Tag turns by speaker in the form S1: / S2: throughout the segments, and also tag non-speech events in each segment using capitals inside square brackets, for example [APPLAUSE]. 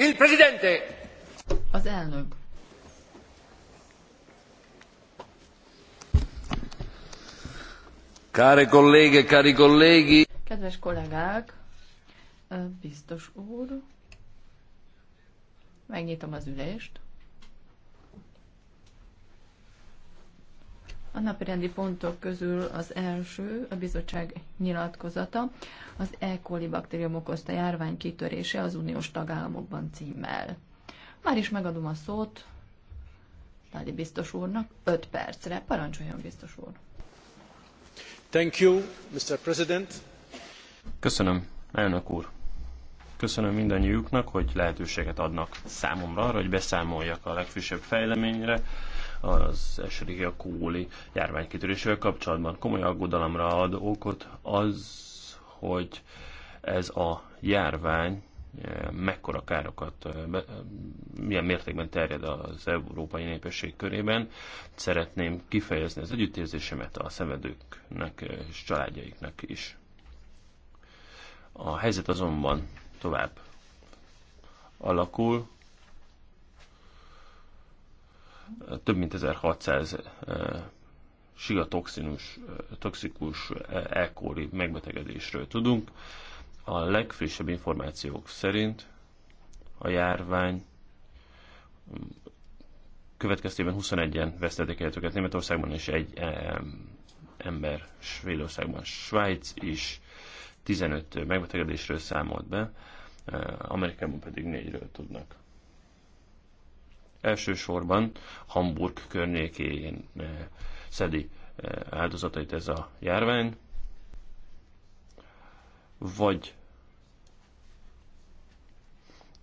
S1: Il Presidente! Az elnök.
S2: Care cari
S1: Kedves kollégák, biztos úr, megnyitom az ülést. A napirendi pontok közül az első, a bizottság nyilatkozata, az E. coli baktérium okozta járvány kitörése az uniós tagállamokban címmel. Már is megadom a szót Tádi biztos úrnak 5 percre. Parancsoljon, biztos úr!
S2: Thank you, Mr. President. Köszönöm, elnök úr! Köszönöm mindannyiuknak, hogy lehetőséget adnak számomra arra, hogy beszámoljak a legfrissebb fejleményre, az esetig a kóli járványkitörésével kapcsolatban. Komoly aggodalomra ad okot az, hogy ez a járvány eh, mekkora károkat, eh, eh, milyen mértékben terjed az európai népesség körében. Szeretném kifejezni az együttérzésemet a szenvedőknek és családjaiknak is. A helyzet azonban tovább alakul, több mint 1600 toxinus, toxikus elkóri megbetegedésről tudunk. A legfrissebb információk szerint a járvány mm, következtében 21-en vesztettek életüket Németországban, és egy ember Svédországban. Svájc is 15 megbetegedésről számolt be, Amerikában pedig négyről tudnak. Elsősorban Hamburg környékén eh, szedi eh, áldozatait ez a járvány, vagy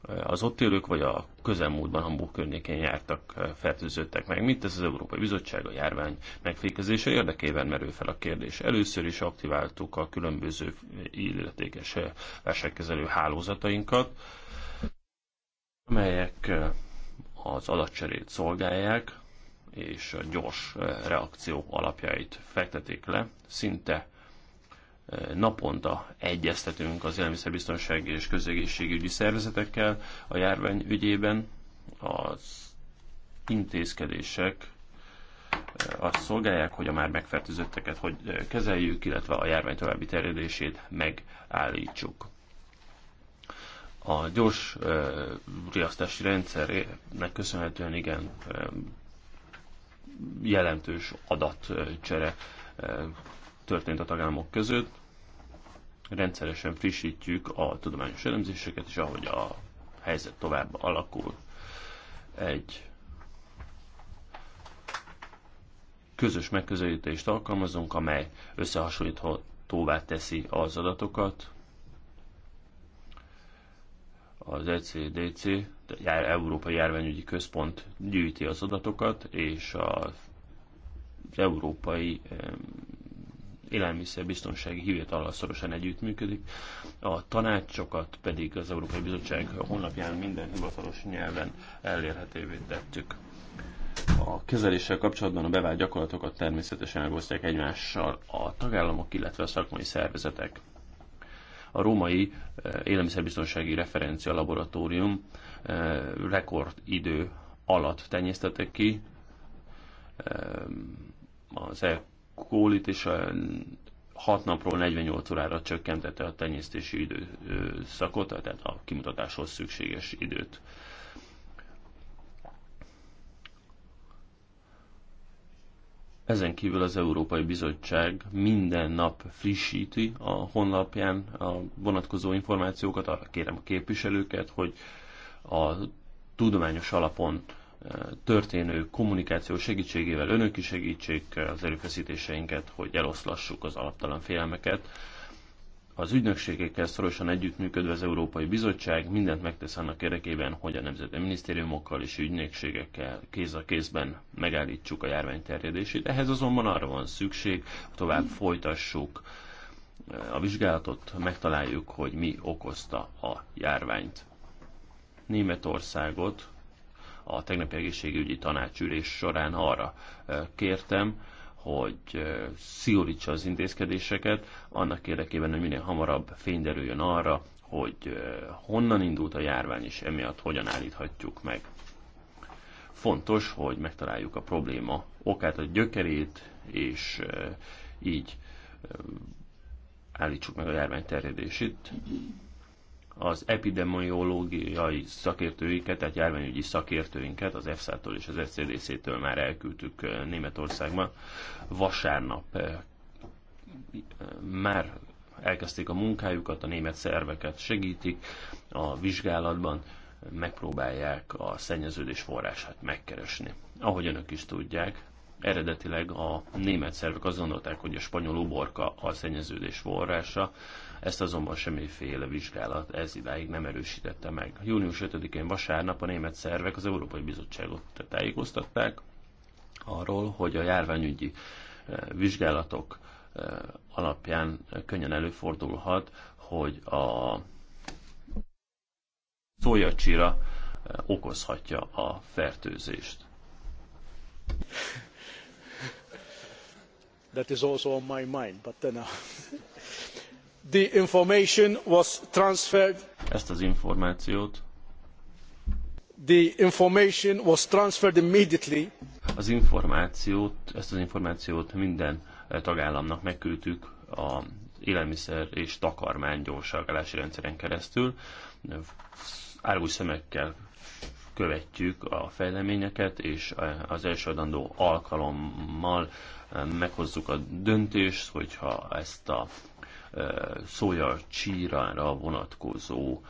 S2: eh, az ott élők, vagy a közelmúltban Hamburg környékén jártak, fertőzöttek meg. Mint ez az Európai Bizottság a járvány megfékezése érdekében merül fel a kérdés. Először is aktiváltuk a különböző illetékes versenykezelő hálózatainkat, amelyek az adatcserét szolgálják, és a gyors eh, reakció alapjait fektetik le. Szinte eh, naponta egyeztetünk az élelmiszerbiztonsági és közegészségügyi szervezetekkel a járvány ügyében. Az intézkedések eh, azt szolgálják, hogy a már megfertőzötteket hogy kezeljük, illetve a járvány további terjedését megállítsuk. A gyors riasztási rendszernek köszönhetően igen jelentős adatcsere történt a tagállamok között. Rendszeresen frissítjük a tudományos elemzéseket, és ahogy a helyzet tovább alakul, egy közös megközelítést alkalmazunk, amely összehasonlíthatóvá teszi az adatokat, az ECDC, Európai Járványügyi Központ gyűjti az adatokat, és a az Európai Élelmiszerbiztonsági Hivatallal szorosan együttműködik, a tanácsokat pedig az Európai Bizottság honlapján minden hivatalos nyelven elérhetővé tettük. A kezeléssel kapcsolatban a bevált gyakorlatokat természetesen megosztják egymással a tagállamok, illetve a szakmai szervezetek. A római eh, élelmiszerbiztonsági referencia laboratórium eh, rekordidő alatt tenyésztettek ki eh, az e kólit, és 6 napról 48 órára csökkentette a tenyésztési időszakot, tehát a kimutatáshoz szükséges időt. Ezen kívül az Európai Bizottság minden nap frissíti a honlapján a vonatkozó információkat, arra kérem a képviselőket, hogy a tudományos alapon e, történő kommunikáció segítségével önök is segítsék e, az erőfeszítéseinket, hogy eloszlassuk az alaptalan félelmeket, az ügynökségekkel szorosan együttműködve az Európai Bizottság mindent megtesz annak érdekében, hogy a nemzeti minisztériumokkal és ügynökségekkel kéz a kézben megállítsuk a járvány terjedését. Ehhez azonban arra van szükség, tovább folytassuk eh, a vizsgálatot, megtaláljuk, hogy mi okozta a járványt. Németországot a tegnapi egészségügyi tanácsülés során arra eh, kértem, hogy szigorítsa az intézkedéseket, annak érdekében, hogy minél hamarabb fényderüljön arra, hogy honnan indult a járvány, és emiatt hogyan állíthatjuk meg. Fontos, hogy megtaláljuk a probléma okát, a gyökerét, és így állítsuk meg a járvány terjedését az epidemiológiai szakértőiket, tehát járványügyi szakértőinket az EFSA-tól és az SCDC-től már elküldtük eh, Németországba. Vasárnap eh, már elkezdték a munkájukat, a német szerveket segítik a vizsgálatban, megpróbálják a szennyeződés forrását megkeresni. Ahogy önök is tudják, Eredetileg a német szervek azt gondolták, hogy a spanyol uborka a szennyeződés forrása, ezt azonban semmiféle vizsgálat ez idáig nem erősítette meg. Június 5-én vasárnap a német szervek az Európai Bizottságot tájékoztatták arról, hogy a járványügyi eh, vizsgálatok eh, alapján könnyen előfordulhat, hogy a szójacsira eh, okozhatja a fertőzést that is also on my mind, but then, uh, [LAUGHS] the information was transferred. Ezt az információt. The information was transferred immediately. Az információt, ezt az információt minden eh, tagállamnak megküldtük a élelmiszer és takarmány gyorságálási rendszeren keresztül. Árgus szemekkel követjük a fejleményeket, és eh, az első adandó alkalommal meghozzuk a döntést, hogyha ezt a szója csírára vonatkozó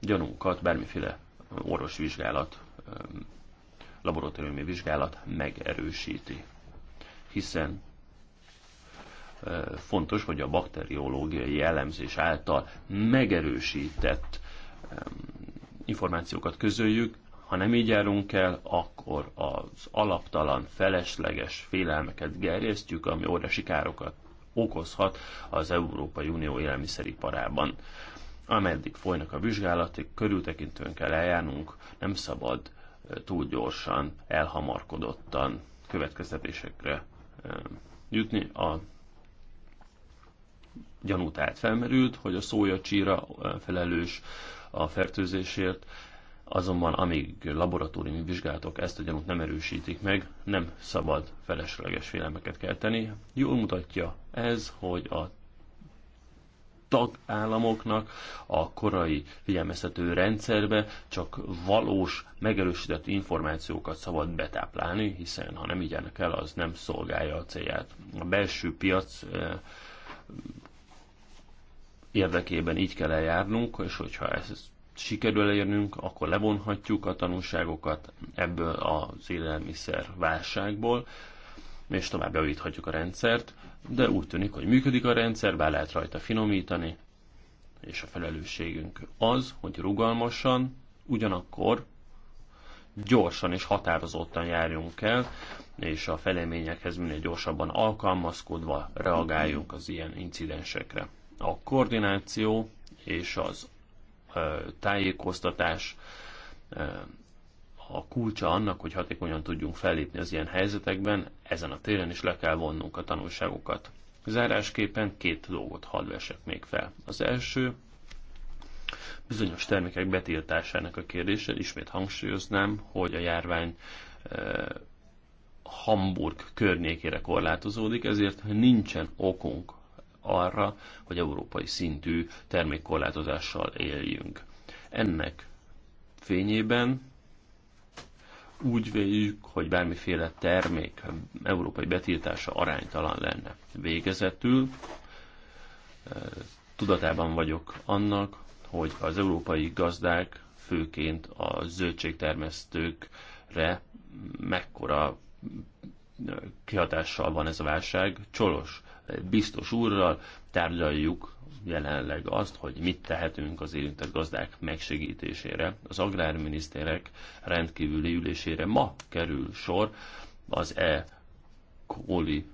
S2: gyanunkat bármiféle orvosvizsgálat, laboratóriumi vizsgálat megerősíti. Hiszen fontos, hogy a bakteriológiai elemzés által megerősített információkat közöljük, ha nem így járunk el, akkor az alaptalan, felesleges félelmeket gerjesztjük, ami óriási károkat okozhat az Európai Unió élelmiszeriparában. Ameddig folynak a vizsgálatok, körültekintően kell eljárnunk, nem szabad túl gyorsan, elhamarkodottan következtetésekre jutni. A gyanú felmerült, hogy a szója csíra felelős a fertőzésért, Azonban amíg laboratóriumi vizsgálatok ezt a gyanút nem erősítik meg, nem szabad felesleges félelmeket kelteni. Jól mutatja ez, hogy a tagállamoknak a korai figyelmeztető rendszerbe csak valós, megerősített információkat szabad betáplálni, hiszen ha nem így el, az nem szolgálja a célját. A belső piac eh, érdekében így kell eljárnunk, és hogyha ezt sikerül elérnünk, akkor levonhatjuk a tanulságokat ebből az élelmiszer válságból, és tovább javíthatjuk a rendszert, de úgy tűnik, hogy működik a rendszer, bár lehet rajta finomítani, és a felelősségünk az, hogy rugalmasan, ugyanakkor gyorsan és határozottan járjunk el, és a feleményekhez minél gyorsabban alkalmazkodva reagáljunk az ilyen incidensekre. A koordináció és az tájékoztatás a kulcsa annak, hogy hatékonyan tudjunk fellépni az ilyen helyzetekben, ezen a téren is le kell vonnunk a tanulságokat. Zárásképpen két dolgot hadd vesek még fel. Az első, bizonyos termékek betiltásának a kérdése, ismét hangsúlyoznám, hogy a járvány Hamburg környékére korlátozódik, ezért nincsen okunk arra, hogy európai szintű termékkorlátozással éljünk. Ennek fényében úgy véljük, hogy bármiféle termék európai betiltása aránytalan lenne. Végezetül eh, tudatában vagyok annak, hogy az európai gazdák, főként a zöldségtermesztőkre mekkora kihatással van ez a válság. Csolos biztos úrral tárgyaljuk jelenleg azt, hogy mit tehetünk az érintett gazdák megsegítésére. Az agrárminiszterek rendkívüli ülésére ma kerül sor az E. coli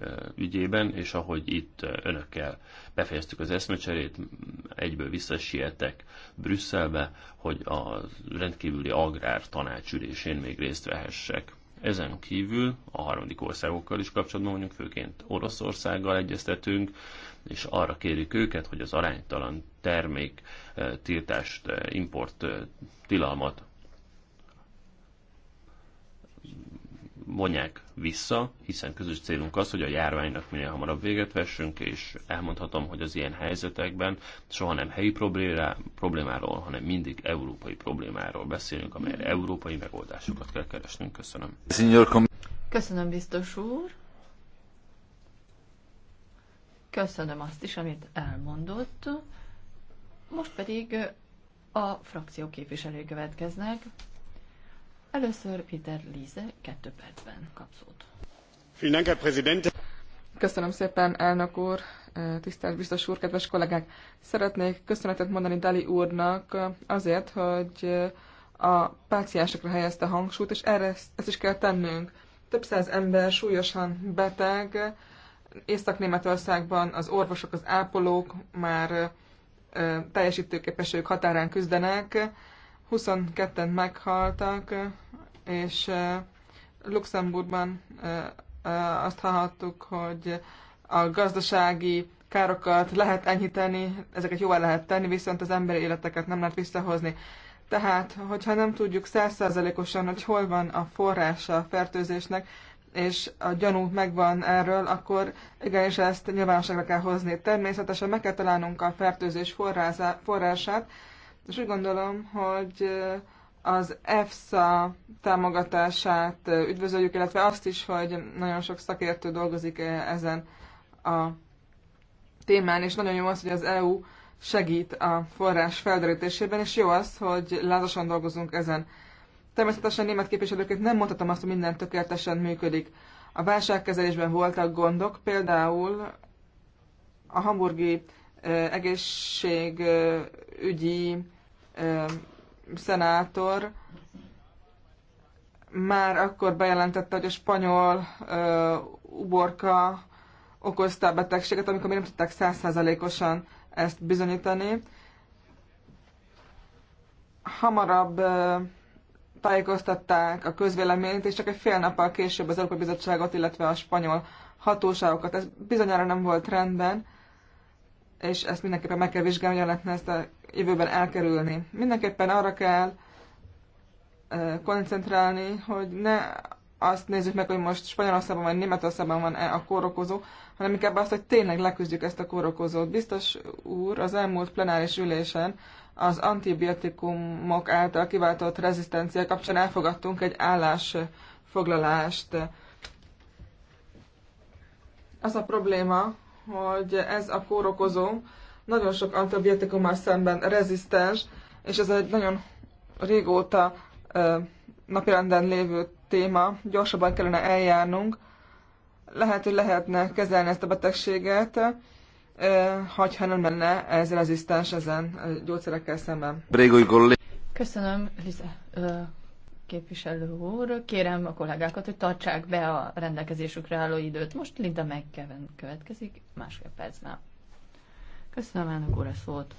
S2: e, ügyében, és ahogy itt e, önökkel befejeztük az eszmecserét, egyből visszasietek Brüsszelbe, hogy a rendkívüli agrár tanácsülésén még részt vehessek. Ezen kívül a harmadik országokkal is kapcsolatban mondjuk, főként Oroszországgal egyeztetünk, és arra kérjük őket, hogy az aránytalan termék eh, tiltást, eh, import eh, tilalmat vonják vissza, hiszen közös célunk az, hogy a járványnak minél hamarabb véget vessünk, és elmondhatom, hogy az ilyen helyzetekben soha nem helyi problémáról, hanem mindig európai problémáról beszélünk, amelyre európai megoldásokat kell keresnünk. Köszönöm.
S1: Köszönöm, biztos úr. Köszönöm azt is, amit elmondott. Most pedig a frakció képviselői következnek.
S3: Először Peter Lise kettő percben kapszót. Köszönöm szépen, elnök úr, tisztelt biztos úr, kedves kollégák! Szeretnék köszönetet mondani Dali úrnak azért, hogy a páciensekre helyezte hangsúlyt, és erre ezt is kell tennünk. Több száz ember súlyosan beteg, Észak-Németországban az orvosok, az ápolók már teljesítőképességük határán küzdenek, 22-en meghaltak, és Luxemburgban azt hallhattuk, hogy a gazdasági károkat lehet enyhíteni, ezeket jóvá lehet tenni, viszont az emberi életeket nem lehet visszahozni. Tehát, hogyha nem tudjuk százszerzelékosan, hogy hol van a forrása a fertőzésnek, és a gyanú megvan erről, akkor igenis ezt nyilvánosságra kell hozni. Természetesen meg kell találnunk a fertőzés forrását, és úgy gondolom, hogy az EFSA támogatását üdvözöljük, illetve azt is, hogy nagyon sok szakértő dolgozik ezen a témán, és nagyon jó az, hogy az EU segít a forrás felderítésében, és jó az, hogy lázasan dolgozunk ezen. Természetesen német képviselőként nem mondhatom azt, hogy minden tökéletesen működik. A válságkezelésben voltak gondok, például a hamburgi egészségügyi szenátor már akkor bejelentette, hogy a spanyol uborka okozta a betegséget, amikor még nem tudták százszázalékosan ezt bizonyítani. Hamarabb tájékoztatták a közvéleményt, és csak egy fél nappal később az Európai Bizottságot, illetve a spanyol hatóságokat. Ez bizonyára nem volt rendben, és ezt mindenképpen meg kell vizsgálni, hogyan lehetne ezt a jövőben elkerülni. Mindenképpen arra kell koncentrálni, hogy ne azt nézzük meg, hogy most Spanyolországban vagy Németországban van-e a kórokozó, hanem inkább azt, hogy tényleg leküzdjük ezt a kórokozót. Biztos úr az elmúlt plenáris ülésen az antibiotikumok által kiváltott rezisztencia kapcsán elfogadtunk egy állásfoglalást. Az a probléma, hogy ez a kórokozó nagyon sok antibiotikummal szemben rezisztens, és ez egy nagyon régóta napirenden lévő téma, gyorsabban kellene eljárnunk. Lehet, hogy lehetne kezelni ezt a betegséget, ha nem lenne ez rezisztens ezen gyógyszerekkel szemben. Köszönöm, Lize
S1: képviselő úr. Kérem a kollégákat, hogy tartsák be a rendelkezésükre álló időt. Most Linda megkeven következik másfél percnál. Köszönöm elnök úr a szót.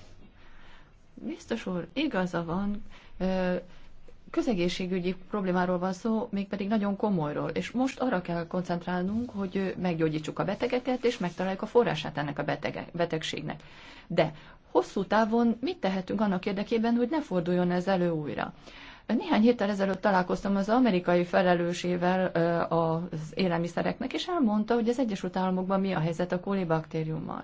S1: Biztos úr, igaza van, közegészségügyi problémáról van szó, mégpedig nagyon komolyról, és most arra kell koncentrálnunk, hogy meggyógyítsuk a betegeket, és megtaláljuk a forrását ennek a betege, betegségnek. De hosszú távon mit tehetünk annak érdekében, hogy ne forduljon ez elő újra? Néhány héttel ezelőtt találkoztam az amerikai felelősével az élelmiszereknek, és elmondta, hogy az Egyesült Államokban mi a helyzet a kolibaktériummal.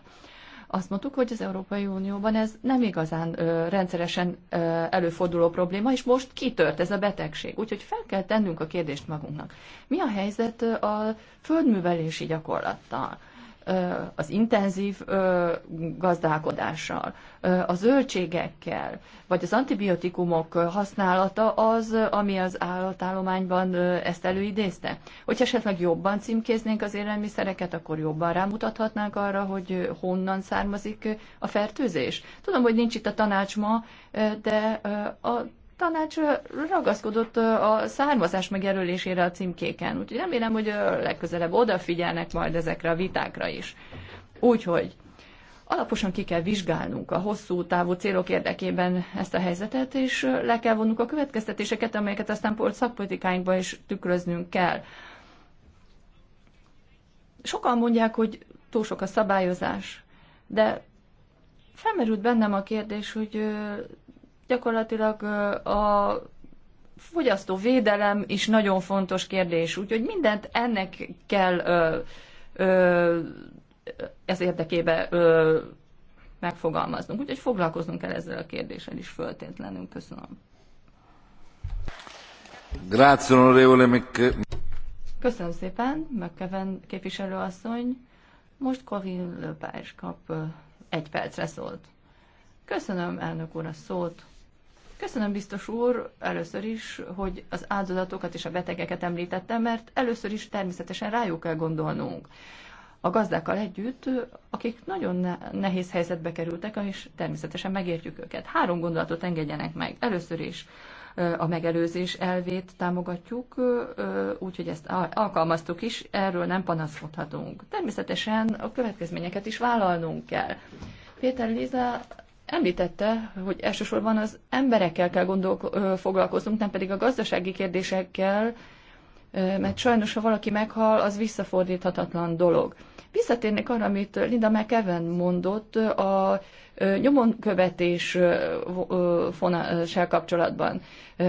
S1: Azt mondtuk, hogy az Európai Unióban ez nem igazán ö, rendszeresen ö, előforduló probléma, és most kitört ez a betegség. Úgyhogy fel kell tennünk a kérdést magunknak. Mi a helyzet a földművelési gyakorlattal? az intenzív gazdálkodással, a zöldségekkel, vagy az antibiotikumok használata az, ami az állatállományban ezt előidézte. Hogyha esetleg jobban címkéznénk az élelmiszereket, akkor jobban rámutathatnánk arra, hogy honnan származik a fertőzés. Tudom, hogy nincs itt a tanács ma, de a tanács ragaszkodott a származás megjelölésére a címkéken, úgyhogy remélem, hogy legközelebb odafigyelnek majd ezekre a vitákra is. Úgyhogy alaposan ki kell vizsgálnunk a hosszú távú célok érdekében ezt a helyzetet, és le kell vonnunk a következtetéseket, amelyeket aztán szakpolitikáinkban is tükröznünk kell. Sokan mondják, hogy túl sok a szabályozás, de felmerült bennem a kérdés, hogy gyakorlatilag a fogyasztó védelem is nagyon fontos kérdés, úgyhogy mindent ennek kell ö, ö, ez érdekében megfogalmaznunk. Úgyhogy foglalkoznunk kell ezzel a kérdéssel is föltétlenül. Köszönöm. Köszönöm szépen, McKeven képviselőasszony. Most Corinne Lepage kap egy percre szólt. Köszönöm, elnök úr, a szót. Köszönöm, biztos úr, először is, hogy az áldozatokat és a betegeket említettem, mert először is természetesen rájuk kell gondolnunk. A gazdákkal együtt, akik nagyon nehéz helyzetbe kerültek, és természetesen megértjük őket. Három gondolatot engedjenek meg. Először is a megelőzés elvét támogatjuk, úgyhogy ezt alkalmaztuk is, erről nem panaszkodhatunk. Természetesen a következményeket is vállalnunk kell. Péter Liza említette, hogy elsősorban az emberekkel kell gondol, foglalkoznunk, nem pedig a gazdasági kérdésekkel, mert sajnos, ha valaki meghal, az visszafordíthatatlan dolog. Visszatérnék arra, amit Linda McEwen mondott a nyomonkövetés fonással kapcsolatban.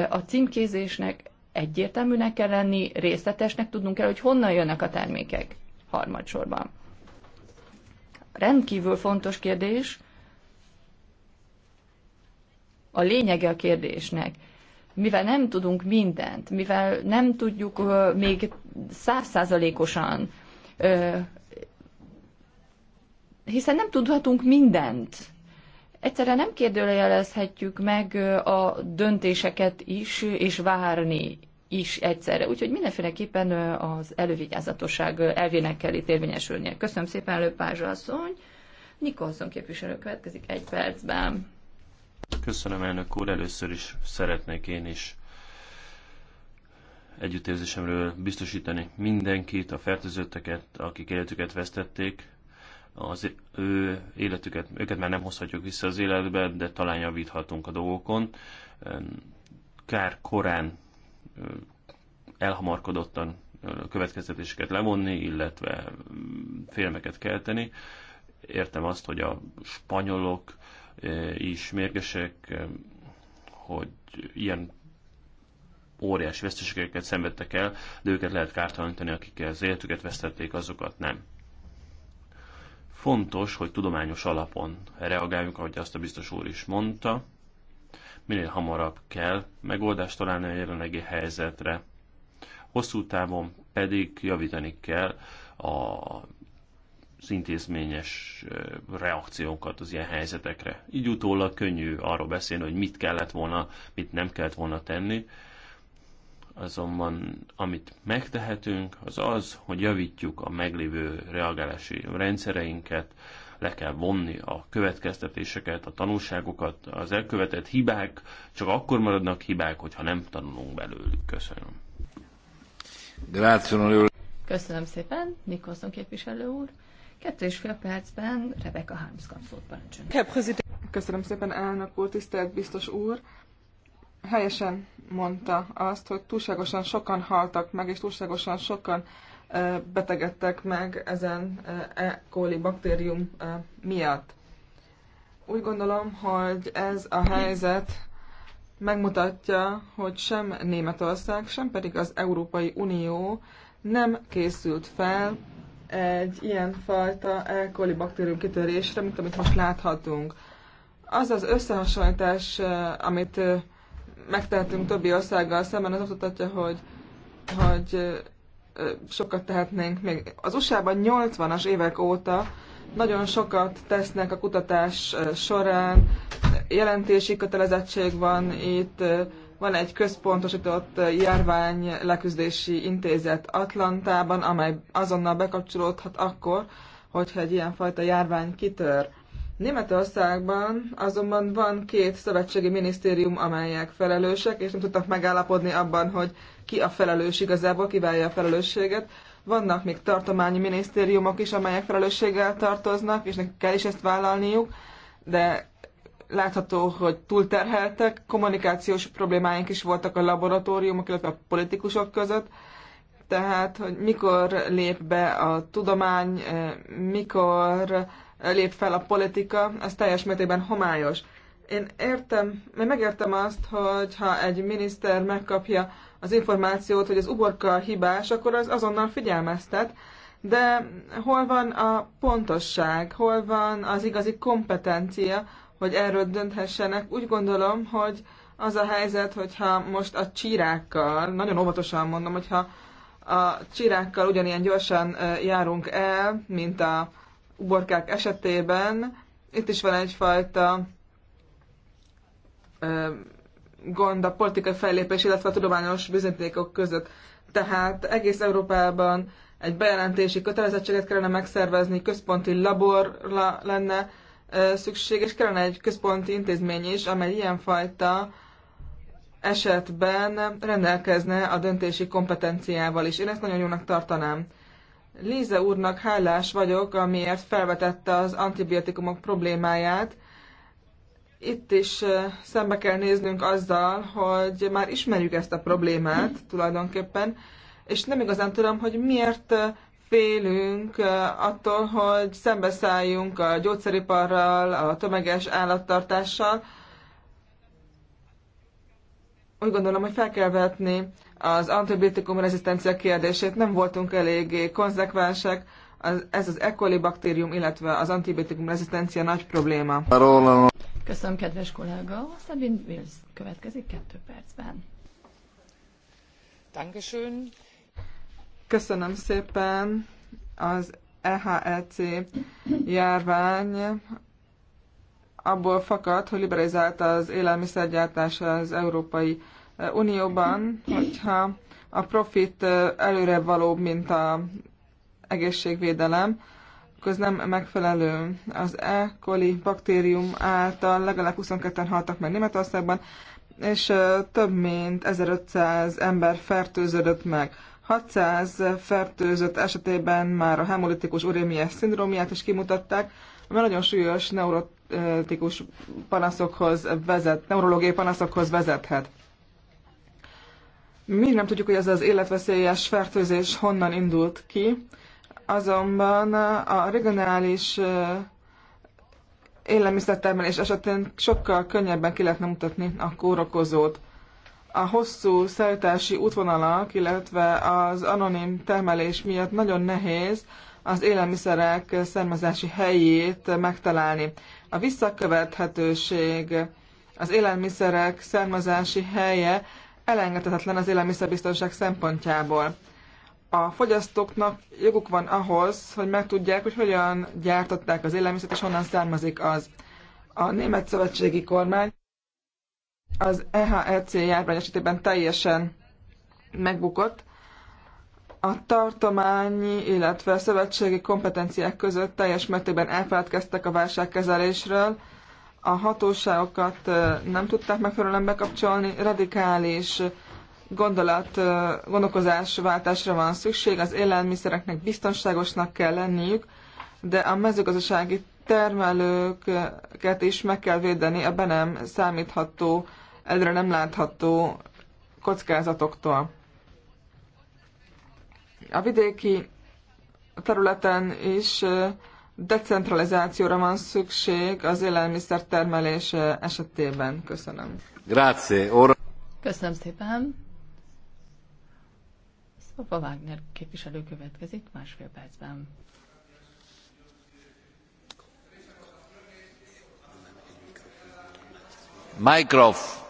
S1: A címkézésnek egyértelműnek kell lenni, részletesnek tudnunk kell, hogy honnan jönnek a termékek harmadsorban. Rendkívül fontos kérdés, a lényege a kérdésnek. Mivel nem tudunk mindent, mivel nem tudjuk még százszázalékosan, hiszen nem tudhatunk mindent. Egyszerre nem kérdőjelezhetjük meg a döntéseket is, és várni is egyszerre. Úgyhogy mindenféleképpen az elővigyázatosság elvének kell itt érvényesülnie. Köszönöm szépen, Lőpázsa asszony. Nikolson képviselő következik egy percben.
S2: Köszönöm, elnök úr. Először is szeretnék én is együttérzésemről biztosítani mindenkit, a fertőzötteket, akik életüket vesztették. Az ő életüket, őket már nem hozhatjuk vissza az életbe, de talán javíthatunk a dolgokon. Kár korán elhamarkodottan következtetéseket levonni, illetve félmeket kelteni. Értem azt, hogy a spanyolok E, is mérgesek, e, hogy ilyen óriási veszteségeket szenvedtek el, de őket lehet kártalanítani, akik az életüket vesztették, azokat nem. Fontos, hogy tudományos alapon reagáljunk, ahogy azt a biztos úr is mondta. Minél hamarabb kell megoldást találni a jelenlegi helyzetre. Hosszú távon pedig javítani kell a intézményes reakciókat az ilyen helyzetekre. Így utólag könnyű arról beszélni, hogy mit kellett volna, mit nem kellett volna tenni. Azonban amit megtehetünk, az az, hogy javítjuk a meglévő reagálási rendszereinket, le kell vonni a következtetéseket, a tanulságokat, az elkövetett hibák csak akkor maradnak hibák, hogyha nem tanulunk belőlük. Köszönöm.
S1: Köszönöm szépen, Nikolson
S3: képviselő úr. Kettő és fél percben Rebecca Harms kap szót Köszönöm szépen, elnök úr, tisztelt biztos úr. Helyesen mondta azt, hogy túlságosan sokan haltak meg, és túlságosan sokan betegedtek meg ezen E. coli baktérium miatt. Úgy gondolom, hogy ez a helyzet megmutatja, hogy sem Németország, sem pedig az Európai Unió nem készült fel egy ilyen fajta E. coli baktérium kitörésre, mint amit most láthatunk. Az az összehasonlítás, e, amit e, megtehetünk többi országgal szemben, az azt mutatja, hogy, hogy e, sokat tehetnénk még. Az USA-ban 80-as évek óta nagyon sokat tesznek a kutatás során, jelentési kötelezettség van, itt van egy központosított járvány leküzdési intézet Atlantában, amely azonnal bekapcsolódhat akkor, hogyha egy ilyenfajta járvány kitör. Németországban azonban van két szövetségi minisztérium, amelyek felelősek, és nem tudtak megállapodni abban, hogy ki a felelős igazából, kiválja a felelősséget. Vannak még tartományi minisztériumok is, amelyek felelősséggel tartoznak, és nekik kell is ezt vállalniuk, de látható, hogy túlterheltek, kommunikációs problémáink is voltak a laboratóriumok, illetve a politikusok között, tehát, hogy mikor lép be a tudomány, eh, mikor eh, lép fel a politika, ez teljes mértékben homályos. Én értem, én megértem azt, hogy ha egy miniszter megkapja az információt, hogy az uborka hibás, akkor az azonnal figyelmeztet, de hol van a pontosság, hol van az igazi kompetencia, hogy erről dönthessenek. Úgy gondolom, hogy az a helyzet, hogyha most a csirákkal, nagyon óvatosan mondom, hogyha a csirákkal ugyanilyen gyorsan járunk el, mint a uborkák esetében, itt is van egyfajta gond a politikai fellépés, illetve a tudományos bizonyítékok között. Tehát egész Európában egy bejelentési kötelezettséget kellene megszervezni, központi labor lenne, szükség, és kellene egy központi intézmény is, amely ilyenfajta esetben rendelkezne a döntési kompetenciával is. Én ezt nagyon jónak tartanám. Líze úrnak hálás vagyok, amiért felvetette az antibiotikumok problémáját. Itt is szembe kell néznünk azzal, hogy már ismerjük ezt a problémát tulajdonképpen, és nem igazán tudom, hogy miért félünk attól, hogy szembeszálljunk a gyógyszeriparral, a tömeges állattartással. Úgy gondolom, hogy fel kell vetni az antibiotikum rezisztencia kérdését. Nem voltunk eléggé konzekvensek. ez az E. coli baktérium, illetve az antibiotikum rezisztencia nagy probléma. Köszönöm, kedves kollega. Sabine Wills következik kettő percben. Dankeschön. Köszönöm szépen az EHEC járvány abból fakad, hogy liberalizálta az élelmiszergyártás az Európai Unióban, hogyha a profit előre valóbb, mint a egészségvédelem, ez nem megfelelő. Az E. coli baktérium által legalább 22-en haltak meg Németországban, és több mint 1500 ember fertőződött meg. 600 fertőzött esetében már a hemolitikus urémiás szindrómiát is kimutatták, ami nagyon súlyos neurotikus panaszokhoz vezet, neurológiai panaszokhoz vezethet. Mi nem tudjuk, hogy ez az életveszélyes fertőzés honnan indult ki, azonban a regionális élelmiszertermelés esetén sokkal könnyebben ki lehetne mutatni a kórokozót. A hosszú szállítási útvonalak, illetve az anonim termelés miatt nagyon nehéz az élelmiszerek származási helyét megtalálni. A visszakövethetőség, az élelmiszerek származási helye elengedhetetlen az élelmiszerbiztonság szempontjából a fogyasztóknak joguk van ahhoz, hogy megtudják, hogy hogyan gyártották az élelmiszert, és honnan származik az. A német szövetségi kormány az EHEC járvány esetében teljesen megbukott. A tartományi, illetve szövetségi kompetenciák között teljes mértékben elfeledkeztek a válságkezelésről, a hatóságokat nem tudták megfelelően bekapcsolni, radikális gondolat, gondolkozásváltásra van szükség, az élelmiszereknek biztonságosnak kell lenniük, de a mezőgazdasági termelőket is meg kell védeni a be nem számítható, előre nem látható kockázatoktól. A vidéki területen is decentralizációra van szükség az élelmiszer termelés esetében. Köszönöm.
S2: Grazie.
S3: Köszönöm szépen.
S1: Szlova Wagner képviselő következik másfél percben. Mikrof.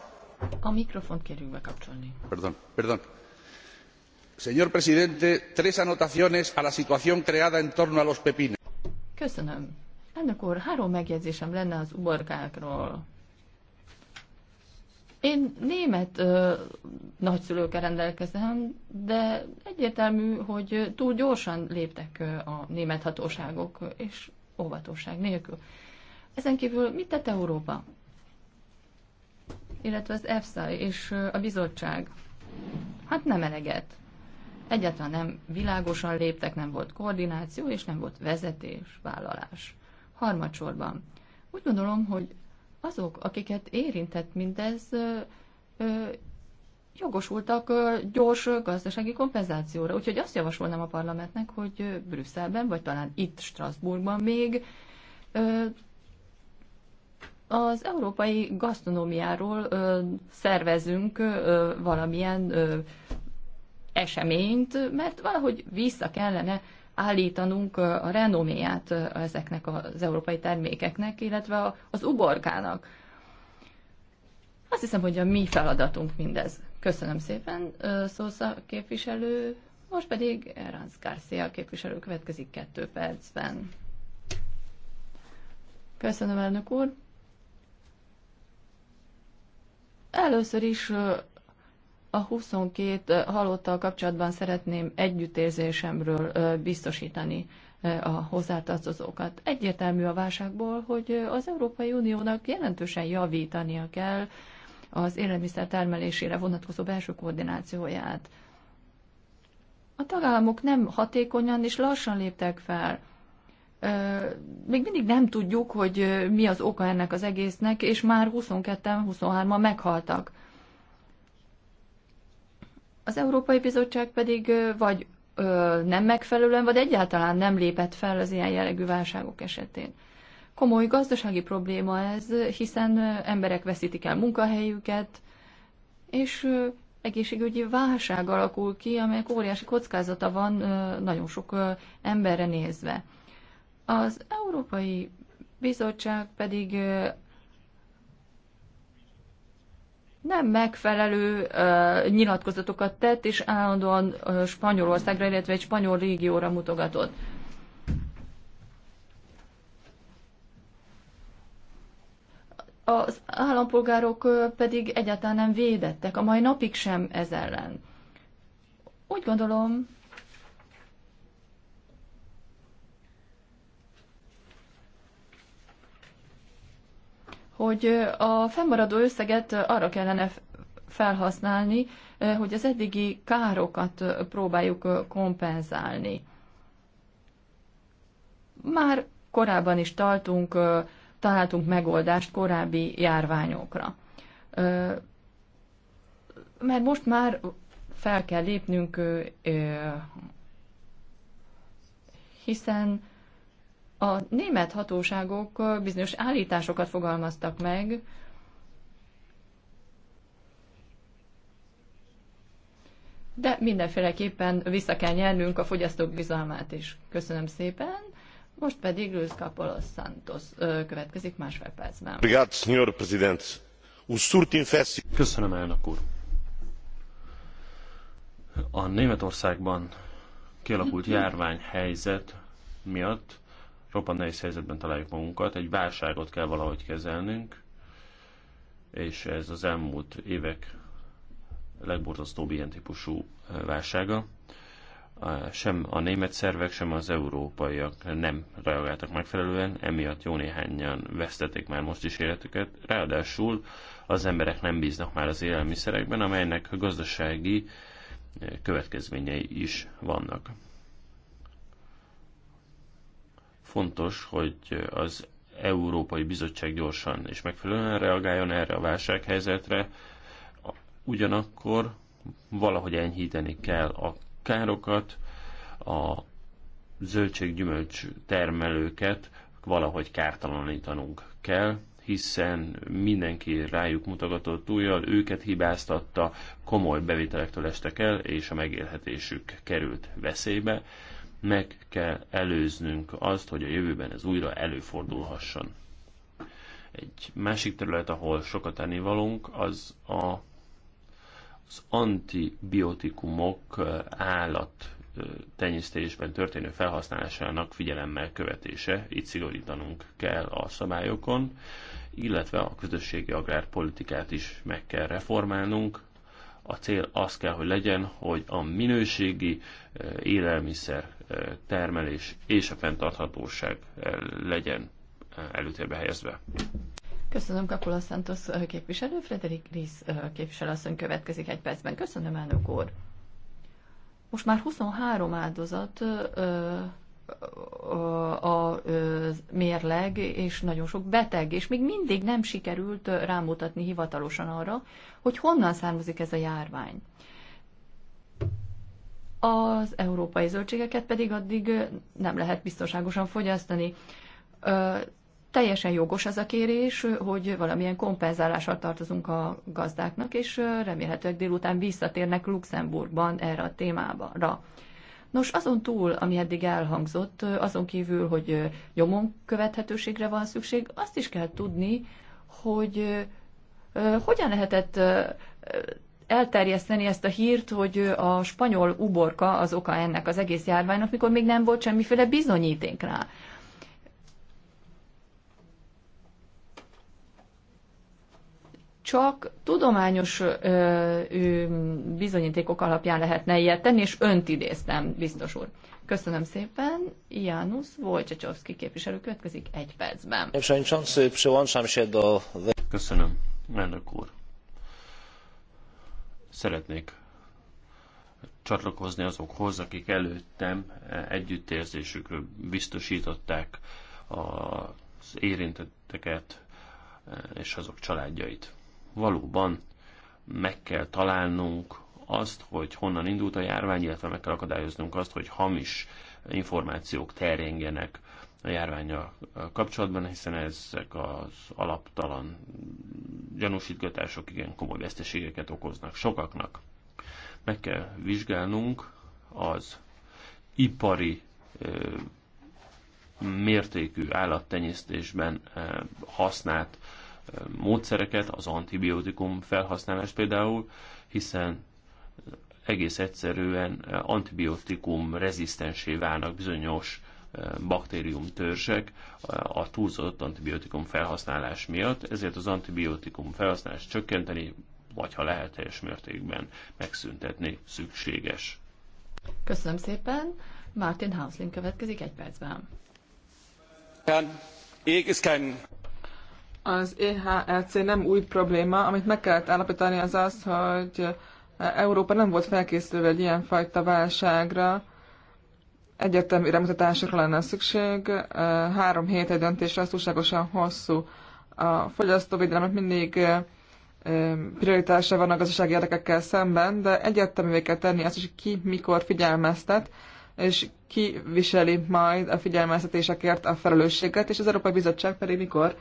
S1: A mikrofont kérjük bekapcsolni. Perdón, perdón. Señor presidente, tres anotaciones a la situación creada en torno a los pepines. Köszönöm. Elnök úr, három megjegyzésem lenne az uborkákról. Én német ö, nagyszülőkkel rendelkezem, de egyértelmű, hogy túl gyorsan léptek a német hatóságok, és óvatosság nélkül. Ezen kívül mit tett Európa? Illetve az EFSA és a bizottság? Hát nem eleget. Egyáltalán nem világosan léptek, nem volt koordináció, és nem volt vezetés, vállalás. Harmadsorban. Úgy gondolom, hogy azok, akiket érintett mindez, jogosultak gyors gazdasági kompenzációra. Úgyhogy azt javasolnám a parlamentnek, hogy Brüsszelben, vagy talán itt Strasbourgban még az európai gasztronómiáról szervezünk valamilyen eseményt, mert valahogy vissza kellene állítanunk a renoméját ezeknek az európai termékeknek, illetve az uborkának. Azt hiszem, hogy a mi feladatunk mindez. Köszönöm szépen, Szósza képviselő, most pedig Ranz Garcia képviselő következik kettő percben. Köszönöm, elnök úr. Először is a 22 halottal kapcsolatban szeretném együttérzésemről biztosítani a hozzátartozókat. Egyértelmű a válságból, hogy az Európai Uniónak jelentősen javítania kell az élelmiszer termelésére vonatkozó belső koordinációját. A tagállamok nem hatékonyan és lassan léptek fel. Még mindig nem tudjuk, hogy mi az oka ennek az egésznek, és már 22 23-an meghaltak az Európai Bizottság pedig vagy ö, nem megfelelően, vagy egyáltalán nem lépett fel az ilyen jellegű válságok esetén. Komoly gazdasági probléma ez, hiszen emberek veszítik el munkahelyüket, és egészségügyi válság alakul ki, amelyek óriási kockázata van nagyon sok emberre nézve. Az Európai Bizottság pedig nem megfelelő uh, nyilatkozatokat tett, és állandóan uh, Spanyolországra, illetve egy spanyol régióra mutogatott. Az állampolgárok pedig egyáltalán nem védettek, a mai napig sem ez ellen. Úgy gondolom, hogy a fennmaradó összeget arra kellene felhasználni, hogy az eddigi károkat próbáljuk kompenzálni. Már korábban is tartunk, találtunk megoldást korábbi járványokra. Mert most már fel kell lépnünk, hiszen a német hatóságok bizonyos állításokat fogalmaztak meg, de mindenféleképpen vissza kell nyernünk a fogyasztók bizalmát is. Köszönöm szépen. Most pedig Luis Capolos Santos következik másfél percben.
S2: Köszönöm, elnök úr. A Németországban kialakult mhm. járványhelyzet miatt roppant nehéz helyzetben találjuk magunkat, egy válságot kell valahogy kezelnünk, és ez az elmúlt évek legborzasztóbb ilyen típusú válsága. Sem a német szervek, sem az európaiak nem reagáltak megfelelően, emiatt jó néhányan vesztették már most is életüket. Ráadásul az emberek nem bíznak már az élelmiszerekben, amelynek gazdasági következményei is vannak. Fontos, hogy az Európai Bizottság gyorsan és megfelelően reagáljon erre a válsághelyzetre, ugyanakkor valahogy enyhíteni kell a károkat, a zöldséggyümölcs termelőket valahogy kártalanítanunk kell, hiszen mindenki rájuk mutogatott újjal, őket hibáztatta, komoly bevételektől estek el, és a megélhetésük került veszélybe meg kell előznünk azt, hogy a jövőben ez újra előfordulhasson. Egy másik terület, ahol sokat ennivalunk, az a, az antibiotikumok állat tenyésztésben történő felhasználásának figyelemmel követése. Itt szigorítanunk kell a szabályokon, illetve a közösségi agrárpolitikát is meg kell reformálnunk. A cél az kell, hogy legyen, hogy a minőségi élelmiszer termelés és a fenntarthatóság legyen előtérbe helyezve.
S1: Köszönöm Kapula Santos képviselő, Frederik Rész képviselőasszony következik egy percben. Köszönöm, elnök úr. Most már 23 áldozat a mérleg, és nagyon sok beteg, és még mindig nem sikerült rámutatni hivatalosan arra, hogy honnan származik ez a járvány az európai zöldségeket pedig addig nem lehet biztonságosan fogyasztani. Teljesen jogos ez a kérés, hogy valamilyen kompenzálással tartozunk a gazdáknak, és remélhetőleg délután visszatérnek Luxemburgban erre a témára. Nos, azon túl, ami eddig elhangzott, azon kívül, hogy nyomon követhetőségre van szükség, azt is kell tudni, hogy hogyan lehetett elterjeszteni ezt a hírt, hogy a spanyol uborka az oka ennek az egész járványnak, mikor még nem volt semmiféle bizonyíték rá. Csak tudományos ö, ö, bizonyítékok alapján lehetne ilyet tenni, és önt idéztem, biztos úr. Köszönöm szépen. Janusz Wojciechowski képviselő következik egy percben.
S2: Köszönöm, elnök úr. Szeretnék csatlakozni azokhoz, akik előttem együttérzésükről biztosították az érintetteket és azok családjait. Valóban meg kell találnunk azt, hogy honnan indult a járvány, illetve meg kell akadályoznunk azt, hogy hamis információk terjengenek a járványjal kapcsolatban, hiszen ezek az alaptalan gyanúsítgatások igen komoly veszteségeket okoznak sokaknak. Meg kell vizsgálnunk az ipari mértékű állattenyésztésben használt módszereket, az antibiotikum felhasználás például, hiszen egész egyszerűen antibiotikum rezisztensé válnak bizonyos baktérium törzsek a túlzott antibiotikum felhasználás miatt, ezért az antibiotikum felhasználást csökkenteni, vagy ha lehet teljes mértékben megszüntetni szükséges.
S1: Köszönöm szépen. Martin Hausling következik egy percben.
S3: Az EHLC nem új probléma, amit meg kellett állapítani az az, hogy Európa nem volt felkészülve egy ilyenfajta válságra, egyértelmű iránymutatásokra lenne szükség. Három hét egy döntésre az túlságosan hosszú. A fogyasztóvédelemnek mindig prioritása van a gazdasági érdekekkel szemben, de egyértelművé kell tenni azt is, ki mikor figyelmeztet, és ki viseli majd a figyelmeztetésekért a felelősséget, és az Európai Bizottság pedig mikor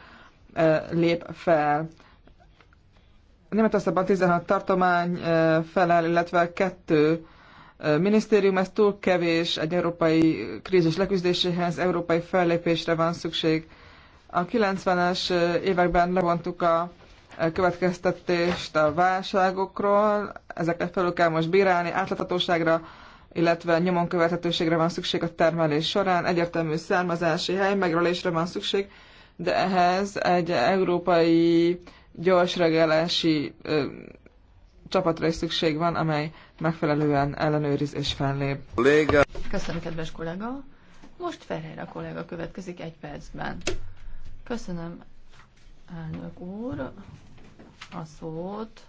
S3: lép fel. Németországban 16 tartomány felel, illetve kettő minisztérium, ez túl kevés egy európai krízis leküzdéséhez, európai fellépésre van szükség. A 90-es években levontuk a következtetést a válságokról, ezeket felül kell most bírálni, átláthatóságra, illetve nyomon követhetőségre van szükség a termelés során, egyértelmű származási hely megjelölésre van szükség, de ehhez egy európai gyors regelési csapatra is szükség van, amely megfelelően ellenőriz és fellép. Léga. Köszönöm, kedves kollega. Most Ferreira
S1: kollega következik egy percben. Köszönöm, elnök úr, a szót.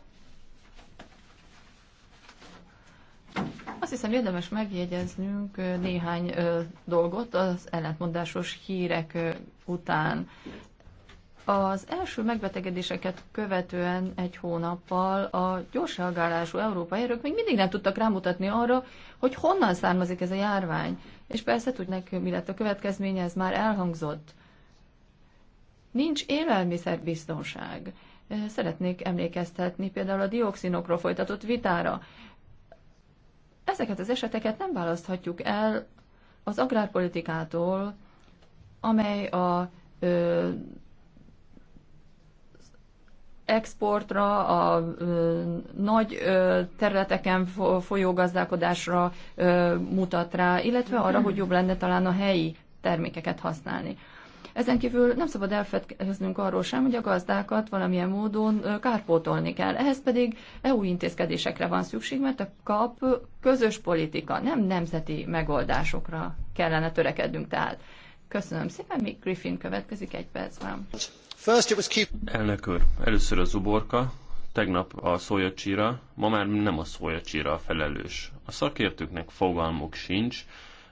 S1: Azt hiszem érdemes megjegyeznünk néhány dolgot az ellentmondásos hírek után. Az első megbetegedéseket követően egy hónappal a gyors reagálású európai erők még mindig nem tudtak rámutatni arra, hogy honnan származik ez a járvány. És persze tudnak, mi lett a következménye, ez már elhangzott. Nincs élelmiszerbiztonság. Szeretnék emlékeztetni például a dioxinokról folytatott vitára. Ezeket az eseteket nem választhatjuk el az agrárpolitikától, amely a ö, exportra, a nagy területeken folyó gazdálkodásra mutat rá, illetve arra, hogy jobb lenne talán a helyi termékeket használni. Ezen kívül nem szabad elfedkeznünk arról sem, hogy a gazdákat valamilyen módon kárpótolni kell. Ehhez pedig EU intézkedésekre van szükség, mert a kap közös politika, nem nemzeti megoldásokra kellene törekednünk tehát. Köszönöm szépen, még Griffin következik egy percben.
S2: Elnök úr, először az uborka, tegnap a szójacsíra, ma már nem a szójacsíra a felelős. A szakértőknek fogalmuk sincs,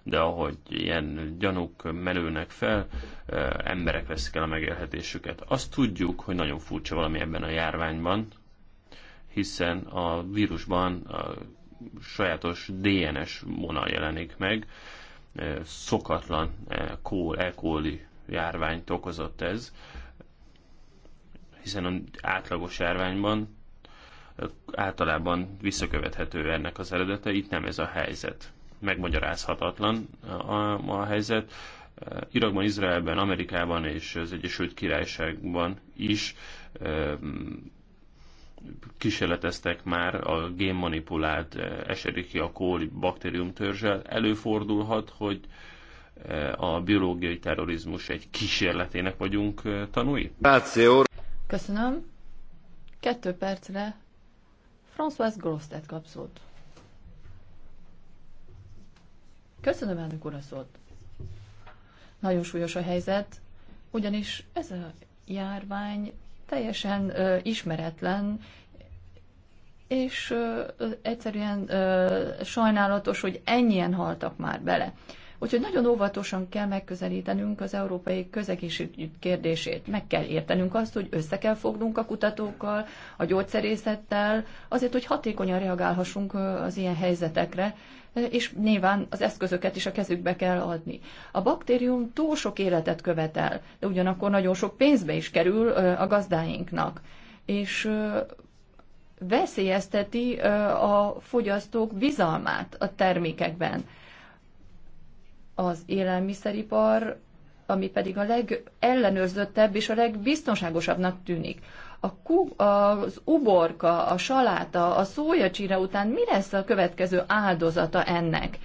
S2: de ahogy ilyen gyanúk merülnek fel, eh, emberek veszik el a megélhetésüket. Azt tudjuk, hogy nagyon furcsa valami ebben a járványban, hiszen a vírusban a sajátos DNS vonal jelenik meg, eh, szokatlan E. járványt okozott ez, hiszen az átlagos járványban általában visszakövethető ennek az eredete, itt nem ez a helyzet. Megmagyarázhatatlan a, a, a helyzet. Irakban, Izraelben, Amerikában és az Egyesült Királyságban is e, kísérleteztek már a génmanipulált a kóli baktérium törzsel. Előfordulhat, hogy a biológiai terrorizmus egy kísérletének vagyunk tanúi?
S1: Köszönöm. Kettő percre François Grosztet kap szót. Köszönöm, elnök úr, a szót. Nagyon súlyos a helyzet, ugyanis ez a járvány teljesen ö, ismeretlen, és ö, egyszerűen ö, sajnálatos, hogy ennyien haltak már bele. Ö, Úgyhogy nagyon óvatosan kell megközelítenünk az európai közegészségügy kérdését. Meg kell értenünk azt, hogy össze kell fognunk a kutatókkal, a gyógyszerészettel, azért, hogy hatékonyan reagálhassunk az ilyen helyzetekre, és nyilván az eszközöket is a kezükbe kell adni. A baktérium túl sok életet követel, de ugyanakkor nagyon sok pénzbe is kerül a gazdáinknak. És veszélyezteti a fogyasztók bizalmát a termékekben az élelmiszeripar, ami pedig a legellenőrzöttebb és a legbiztonságosabbnak tűnik. A ku, az uborka, a saláta, a szójacsira után mi lesz a következő áldozata ennek?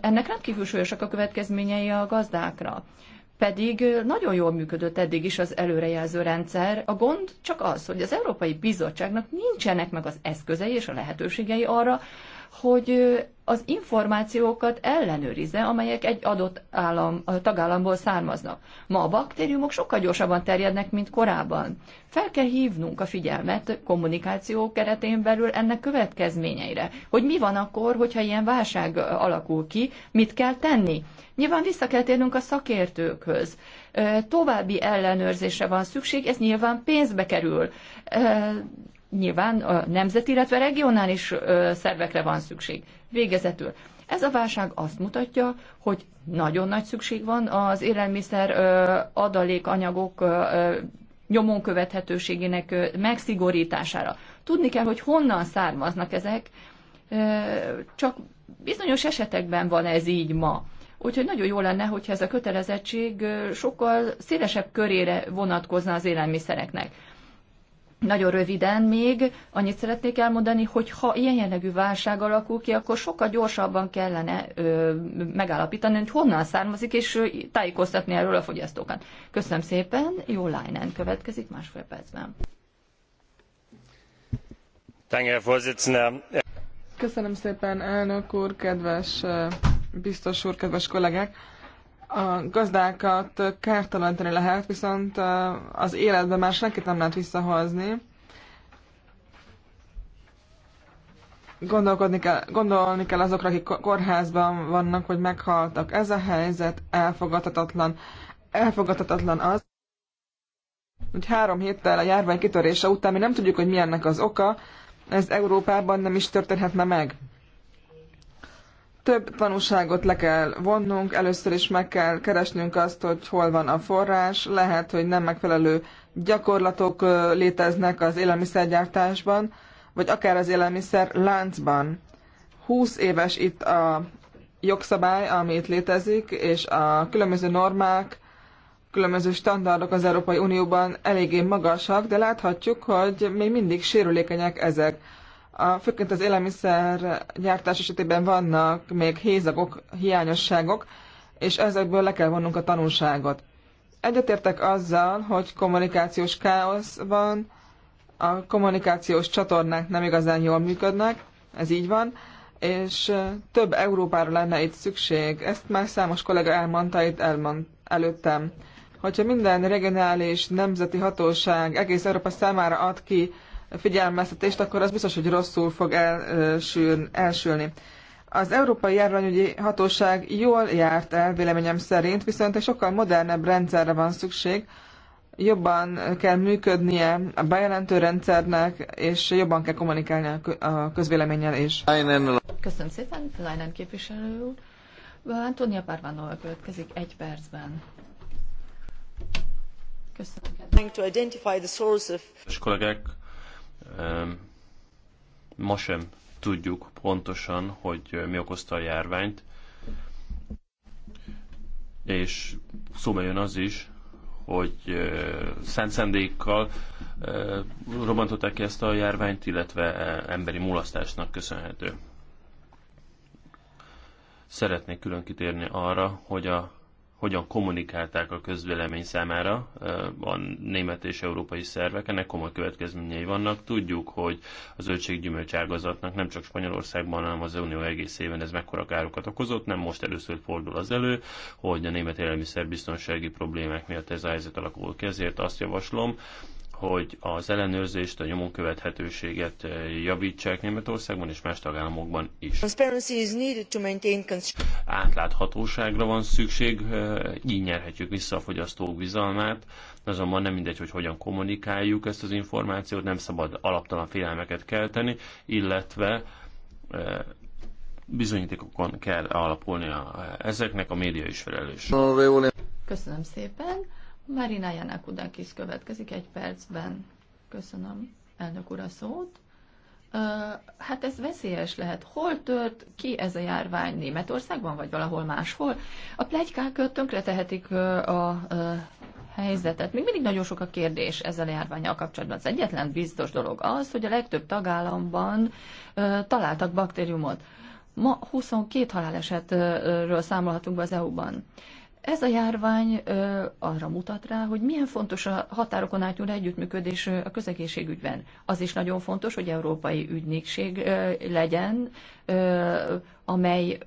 S1: Ennek rendkívül súlyosak a következményei a gazdákra. Pedig nagyon jól működött eddig is az előrejelző rendszer. A gond csak az, hogy az Európai Bizottságnak nincsenek meg az eszközei és a lehetőségei arra, hogy az információkat ellenőrizze, amelyek egy adott állam, a tagállamból származnak. Ma a baktériumok sokkal gyorsabban terjednek, mint korábban. Fel kell hívnunk a figyelmet kommunikáció keretén belül ennek következményeire, hogy mi van akkor, hogyha ilyen válság alakul ki, mit kell tenni. Nyilván vissza kell térnünk a szakértőkhöz. További ellenőrzésre van szükség, ez nyilván pénzbe kerül nyilván a nemzeti, illetve regionális szervekre van szükség. Végezetül. Ez a válság azt mutatja, hogy nagyon nagy szükség van az élelmiszer adalékanyagok nyomon követhetőségének megszigorítására. Tudni kell, hogy honnan származnak ezek, csak bizonyos esetekben van ez így ma. Úgyhogy nagyon jó lenne, hogyha ez a kötelezettség sokkal szélesebb körére vonatkozna az élelmiszereknek. Nagyon röviden még annyit szeretnék elmondani, hogy ha ilyen jellegű válság alakul ki, akkor sokkal gyorsabban kellene ö, megállapítani, hogy honnan származik, és ö, tájékoztatni erről a fogyasztókat. Köszönöm szépen, jó Lájnán következik másfél percben.
S3: Köszönöm szépen, elnök úr, kedves biztos úr, kedves kollégák! a gazdákat kártalanítani lehet, viszont az életben már senkit nem lehet visszahozni. Gondolkodni kell, gondolni kell azokra, akik kórházban vannak, hogy meghaltak. Ez a helyzet elfogadhatatlan. Elfogadhatatlan az, hogy három héttel a járvány kitörése után mi nem tudjuk, hogy milyennek az oka, ez Európában nem is történhetne meg. Több tanúságot le kell vonnunk, először is meg kell keresnünk azt, hogy hol van a forrás, lehet, hogy nem megfelelő gyakorlatok léteznek az élelmiszergyártásban, vagy akár az élelmiszer láncban. 20 éves itt a jogszabály, ami itt létezik, és a különböző normák, különböző standardok az Európai Unióban eléggé magasak, de láthatjuk, hogy még mindig sérülékenyek ezek a, főként az élelmiszer gyártás esetében vannak még hézagok, hiányosságok, és ezekből le kell vonnunk a tanulságot. Egyetértek azzal, hogy kommunikációs káosz van, a kommunikációs csatornák nem igazán jól működnek, ez így van, és több Európára lenne itt szükség. Ezt már számos kollega elmondta itt elmond, előttem. Hogyha minden regionális nemzeti hatóság egész Európa számára ad ki figyelmeztetést, akkor az biztos, hogy rosszul fog elsül, elsülni. Az Európai Járványügyi Hatóság jól járt el, véleményem szerint, viszont egy sokkal modernebb rendszerre van szükség, jobban kell működnie a bejelentő rendszernek, és jobban kell kommunikálni a közvéleménnyel is.
S1: Köszönöm szépen, Leinen képviselő úr. Antonia Parvanova következik egy percben.
S3: Köszönöm. to identify Of...
S2: És kollégák, Ma sem tudjuk pontosan, hogy mi okozta a járványt, és szóba jön az is, hogy szent szendékkal robbantották ki ezt a járványt, illetve emberi mulasztásnak köszönhető. Szeretnék külön kitérni arra, hogy a hogyan kommunikálták a közvélemény számára a német és európai szervek. Ennek komoly következményei vannak. Tudjuk, hogy az zöldséggyümölcs ágazatnak nem csak Spanyolországban, hanem az Unió egészében ez mekkora károkat okozott. Nem most először fordul az elő, hogy a német élelmiszerbiztonsági problémák miatt ez a helyzet alakul ki. Ezért azt javaslom, hogy az ellenőrzést, a nyomon követhetőséget eh, javítsák Németországban és más tagállamokban is. Átláthatóságra van szükség, eh, így nyerhetjük vissza a fogyasztók bizalmát, azonban nem mindegy, hogy hogyan kommunikáljuk ezt az információt, nem szabad alaptalan félelmeket kelteni, illetve eh, bizonyítékokon kell alapulnia ezeknek, a média is felelős.
S1: Köszönöm szépen! Marina Janakudakis következik egy percben. Köszönöm, elnök úr, a szót. hát ez veszélyes lehet. Hol tört ki ez a járvány? Németországban, vagy valahol máshol? A plegykák tönkretehetik a helyzetet. Még mindig nagyon sok a kérdés ezzel a járványjal kapcsolatban. Az egyetlen biztos dolog az, hogy a legtöbb tagállamban találtak baktériumot. Ma 22 halálesetről számolhatunk be az EU-ban. Ez a járvány arra mutat rá, hogy milyen fontos a határokon átnyúló együttműködés a közegészségügyben. Az is nagyon fontos, hogy európai ügynökség legyen, amely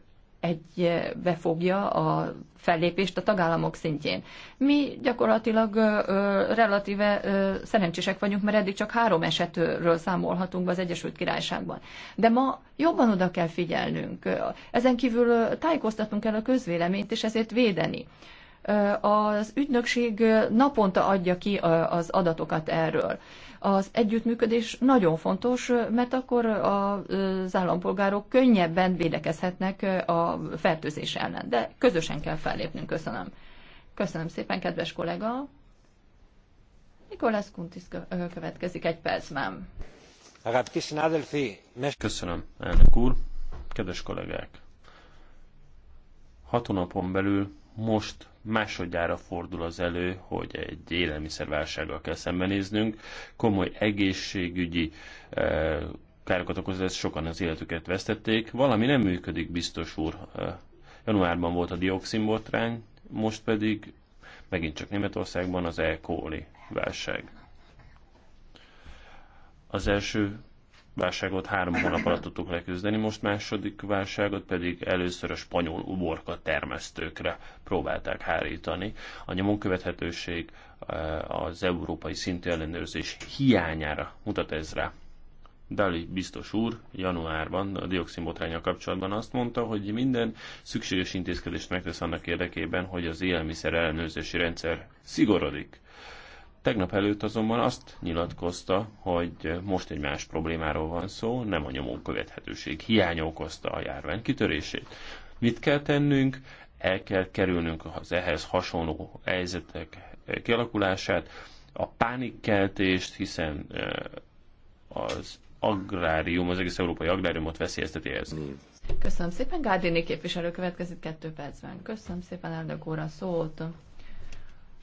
S1: egy befogja a fellépést a tagállamok szintjén. Mi gyakorlatilag ö, ö, relatíve ö, szerencsések vagyunk, mert eddig csak három esetről számolhatunk be az Egyesült Királyságban. De ma jobban oda kell figyelnünk. Ezen kívül tájékoztatnunk el a közvéleményt, és ezért védeni. Az ügynökség naponta adja ki az adatokat erről. Az együttműködés nagyon fontos, mert akkor az állampolgárok könnyebben védekezhetnek a fertőzés ellen. De közösen kell fellépnünk. Köszönöm. Köszönöm szépen, kedves kollega. Nikolás Kuntis következik egy percben.
S2: Köszönöm, elnök úr. Kedves kollégák! Hat hónapon belül most másodjára fordul az elő, hogy egy élelmiszerválsággal kell szembenéznünk. Komoly egészségügyi eh, károkat okozott, ezt sokan az életüket vesztették. Valami nem működik, biztos úr. Eh, januárban volt a dioxinbotrány, most pedig megint csak Németországban az E. coli válság. Az első válságot három hónap alatt tudtuk leküzdeni, most második válságot pedig először a spanyol uborka termesztőkre próbálták hárítani. A nyomon követhetőség eh, az európai szintű ellenőrzés hiányára mutat ez rá. Dali biztos úr januárban a dioxinbotránya kapcsolatban azt mondta, hogy minden szükséges intézkedést megtesz annak érdekében, hogy az élelmiszer ellenőrzési rendszer szigorodik. Tegnap előtt azonban azt nyilatkozta, hogy most egy más problémáról van szó, nem a nyomon követhetőség hiánya okozta a járvány kitörését. Mit kell tennünk? El kell kerülnünk az ehhez hasonló helyzetek kialakulását, a pánikkeltést, hiszen eh, az agrárium, az egész európai agráriumot veszélyezteti ez.
S1: Köszönöm szépen, Gárdini képviselő következik kettő percben. Köszönöm szépen, elnök úr, a szót.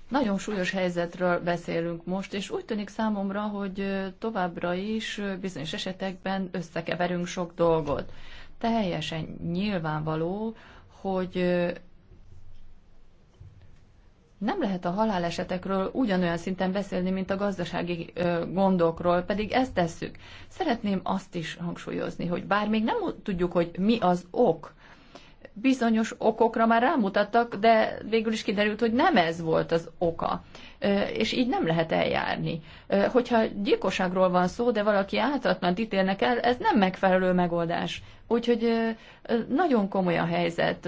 S1: Nagyon súlyos helyzetről beszélünk most, és úgy tűnik számomra, hogy továbbra is bizonyos esetekben összekeverünk sok dolgot. Teljesen nyilvánvaló, hogy nem lehet a halálesetekről ugyanolyan szinten beszélni, mint a gazdasági gondokról, pedig ezt tesszük. Szeretném azt is hangsúlyozni, hogy bár még nem tudjuk, hogy mi az ok, bizonyos okokra már rámutattak, de végül is kiderült, hogy nem ez volt az oka. És így nem lehet eljárni. Hogyha gyilkosságról van szó, de valaki áltatlant ítélnek el, ez nem megfelelő megoldás. Úgyhogy nagyon komoly a helyzet.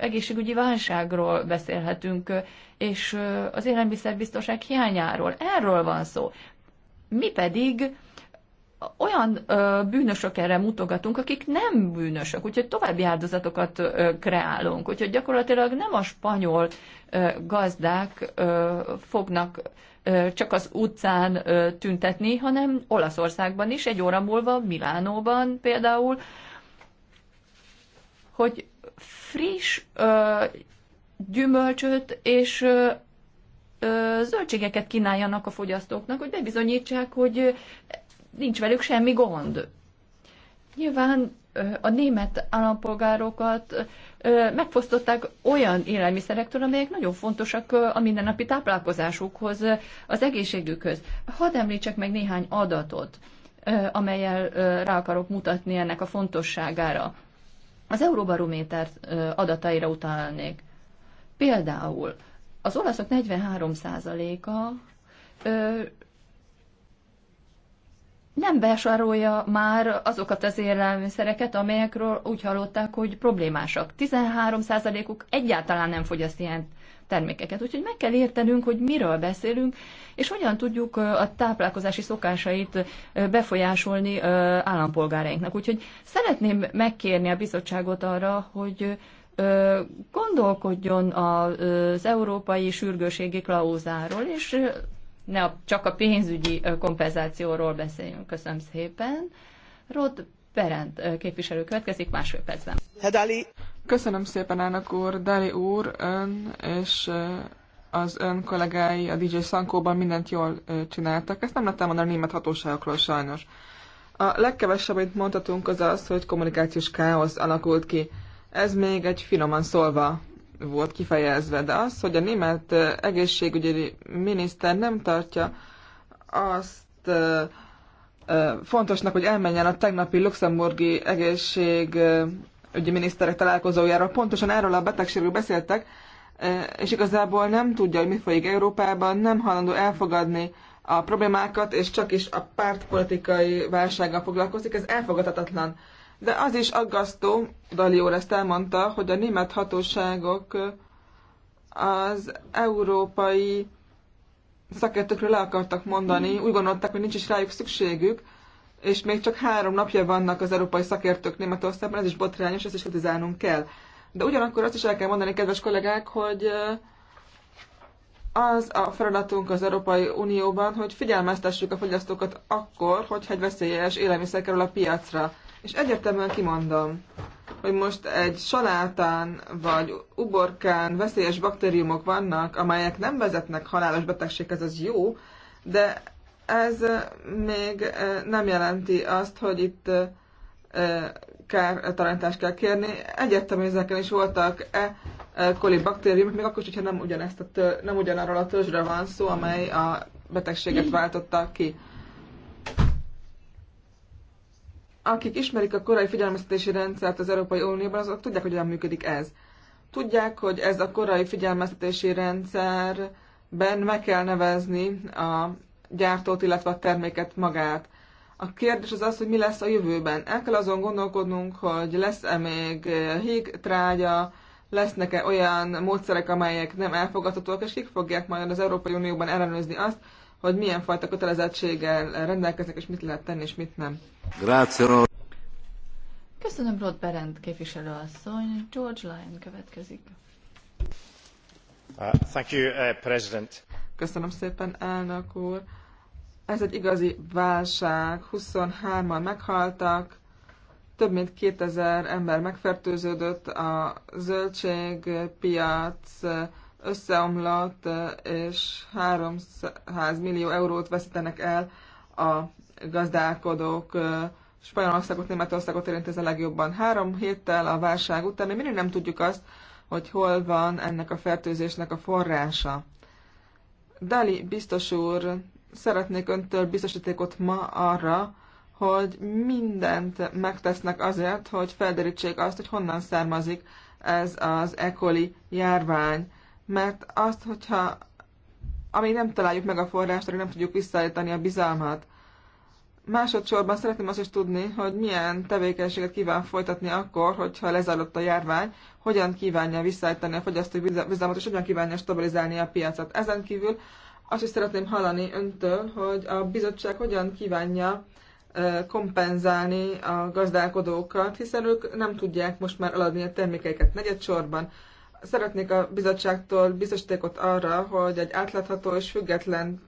S1: Egészségügyi válságról beszélhetünk, és az élelmiszerbiztonság hiányáról. Erről van szó. Mi pedig olyan ö, bűnösök erre mutogatunk, akik nem bűnösök, úgyhogy további áldozatokat ö, kreálunk. Úgyhogy gyakorlatilag nem a spanyol ö, gazdák ö, fognak ö, csak az utcán ö, tüntetni, hanem Olaszországban is, egy óra múlva Milánóban például, hogy friss ö, gyümölcsöt és ö, zöldségeket kínáljanak a fogyasztóknak, hogy bebizonyítsák, hogy nincs velük semmi gond. Nyilván a német állampolgárokat megfosztották olyan élelmiszerektől, amelyek nagyon fontosak a mindennapi táplálkozásukhoz, az egészségükhöz. Hadd említsek meg néhány adatot, amelyel rá akarok mutatni ennek a fontosságára. Az Euróbarométer adataira utalnék. Például az olaszok 43%-a nem vásárolja már azokat az élelmiszereket, amelyekről úgy hallották, hogy problémásak. 13%-uk egyáltalán nem fogyaszt ilyen termékeket. Úgyhogy meg kell értenünk, hogy miről beszélünk, és hogyan tudjuk a táplálkozási szokásait befolyásolni állampolgárainknak. Úgyhogy szeretném megkérni a bizottságot arra, hogy gondolkodjon az európai sürgőségi klauzáról, és ne a, csak a pénzügyi kompenzációról beszéljünk. Köszönöm szépen. Rod Berend képviselő következik másfél percben.
S3: Hedali. Köszönöm szépen, elnök úr. Dali úr, ön és az ön kollégái a DJ Szankóban mindent jól csináltak. Ezt nem lettem mondani a német hatóságokról sajnos. A legkevesebb, amit mondhatunk, az az, hogy kommunikációs káosz alakult ki. Ez még egy finoman szólva volt kifejezve, de az, hogy a német egészségügyi miniszter nem tartja azt fontosnak, hogy elmenjen a tegnapi luxemburgi egészségügyi miniszterek találkozójára. Pontosan erről a betegségről beszéltek, és igazából nem tudja, hogy mi folyik Európában, nem hajlandó elfogadni a problémákat, és csak is a pártpolitikai válsággal foglalkozik. Ez elfogadhatatlan. De az is aggasztó, Dali ezt elmondta, hogy a német hatóságok az európai szakértőkről le akartak mondani, úgy gondolták, hogy nincs is rájuk szükségük, és még csak három napja vannak az európai szakértők Németországban, ez is botrányos, ezt is kritizálnunk kell. De ugyanakkor azt is el kell mondani, kedves kollégák, hogy az a feladatunk az Európai Unióban, hogy figyelmeztessük a fogyasztókat akkor, hogyha egy veszélyes élelmiszer kerül a piacra. És egyértelműen kimondom, hogy most egy salátán vagy uborkán veszélyes baktériumok vannak, amelyek nem vezetnek halálos betegséghez, az jó, de ez még eh, nem jelenti azt, hogy itt eh, eh, kártalanítást kell kérni. Egyértelműen ezeken is voltak e koli baktériumok, még akkor is, hogyha nem, ugyanezt a tör, nem ugyanarról a törzsről van szó, amely a betegséget váltotta ki. akik ismerik a korai figyelmeztetési rendszert az Európai Unióban, azok tudják, hogy hogyan működik ez. Tudják, hogy ez a korai figyelmeztetési rendszerben meg kell nevezni a gyártót, illetve a terméket magát. A kérdés az az, hogy mi lesz a jövőben. El kell azon gondolkodnunk, hogy lesz-e még híg trágya, lesznek-e olyan módszerek, amelyek nem elfogadhatóak, és kik fogják majd az Európai Unióban ellenőrizni azt, hogy milyen fajta kötelezettséggel rendelkeznek, és mit lehet tenni, és mit nem.
S2: Grazie.
S3: Köszönöm, Rod Berend képviselő
S1: asszony. George Lyon következik.
S3: Uh, thank you, uh, President. Köszönöm szépen, elnök úr. Ez egy igazi válság. 23-an meghaltak, több mint 2000 ember megfertőződött, a zöldségpiac összeomlott, és 300 millió eurót veszítenek el a gazdálkodók. Spanyolországot, Németországot érint ez a legjobban. Három héttel a válság után még mindig nem tudjuk azt, hogy hol van ennek a fertőzésnek a forrása. Dali biztos úr, szeretnék öntől biztosítékot ma arra, hogy mindent megtesznek azért, hogy felderítsék azt, hogy honnan származik ez az ekoli járvány mert azt, hogyha amíg nem találjuk meg a forrást, addig nem tudjuk visszaállítani a bizalmat. Másodszorban szeretném azt is tudni, hogy milyen tevékenységet kíván folytatni akkor, hogyha lezajlott a járvány, hogyan kívánja visszaállítani a fogyasztói bizalmat, és hogyan kívánja stabilizálni a piacot. Ezen kívül azt is szeretném hallani öntől, hogy a bizottság hogyan kívánja kompenzálni a gazdálkodókat, hiszen ők nem tudják most már eladni a termékeiket negyedsorban szeretnék a bizottságtól biztosítékot arra, hogy egy átlátható és független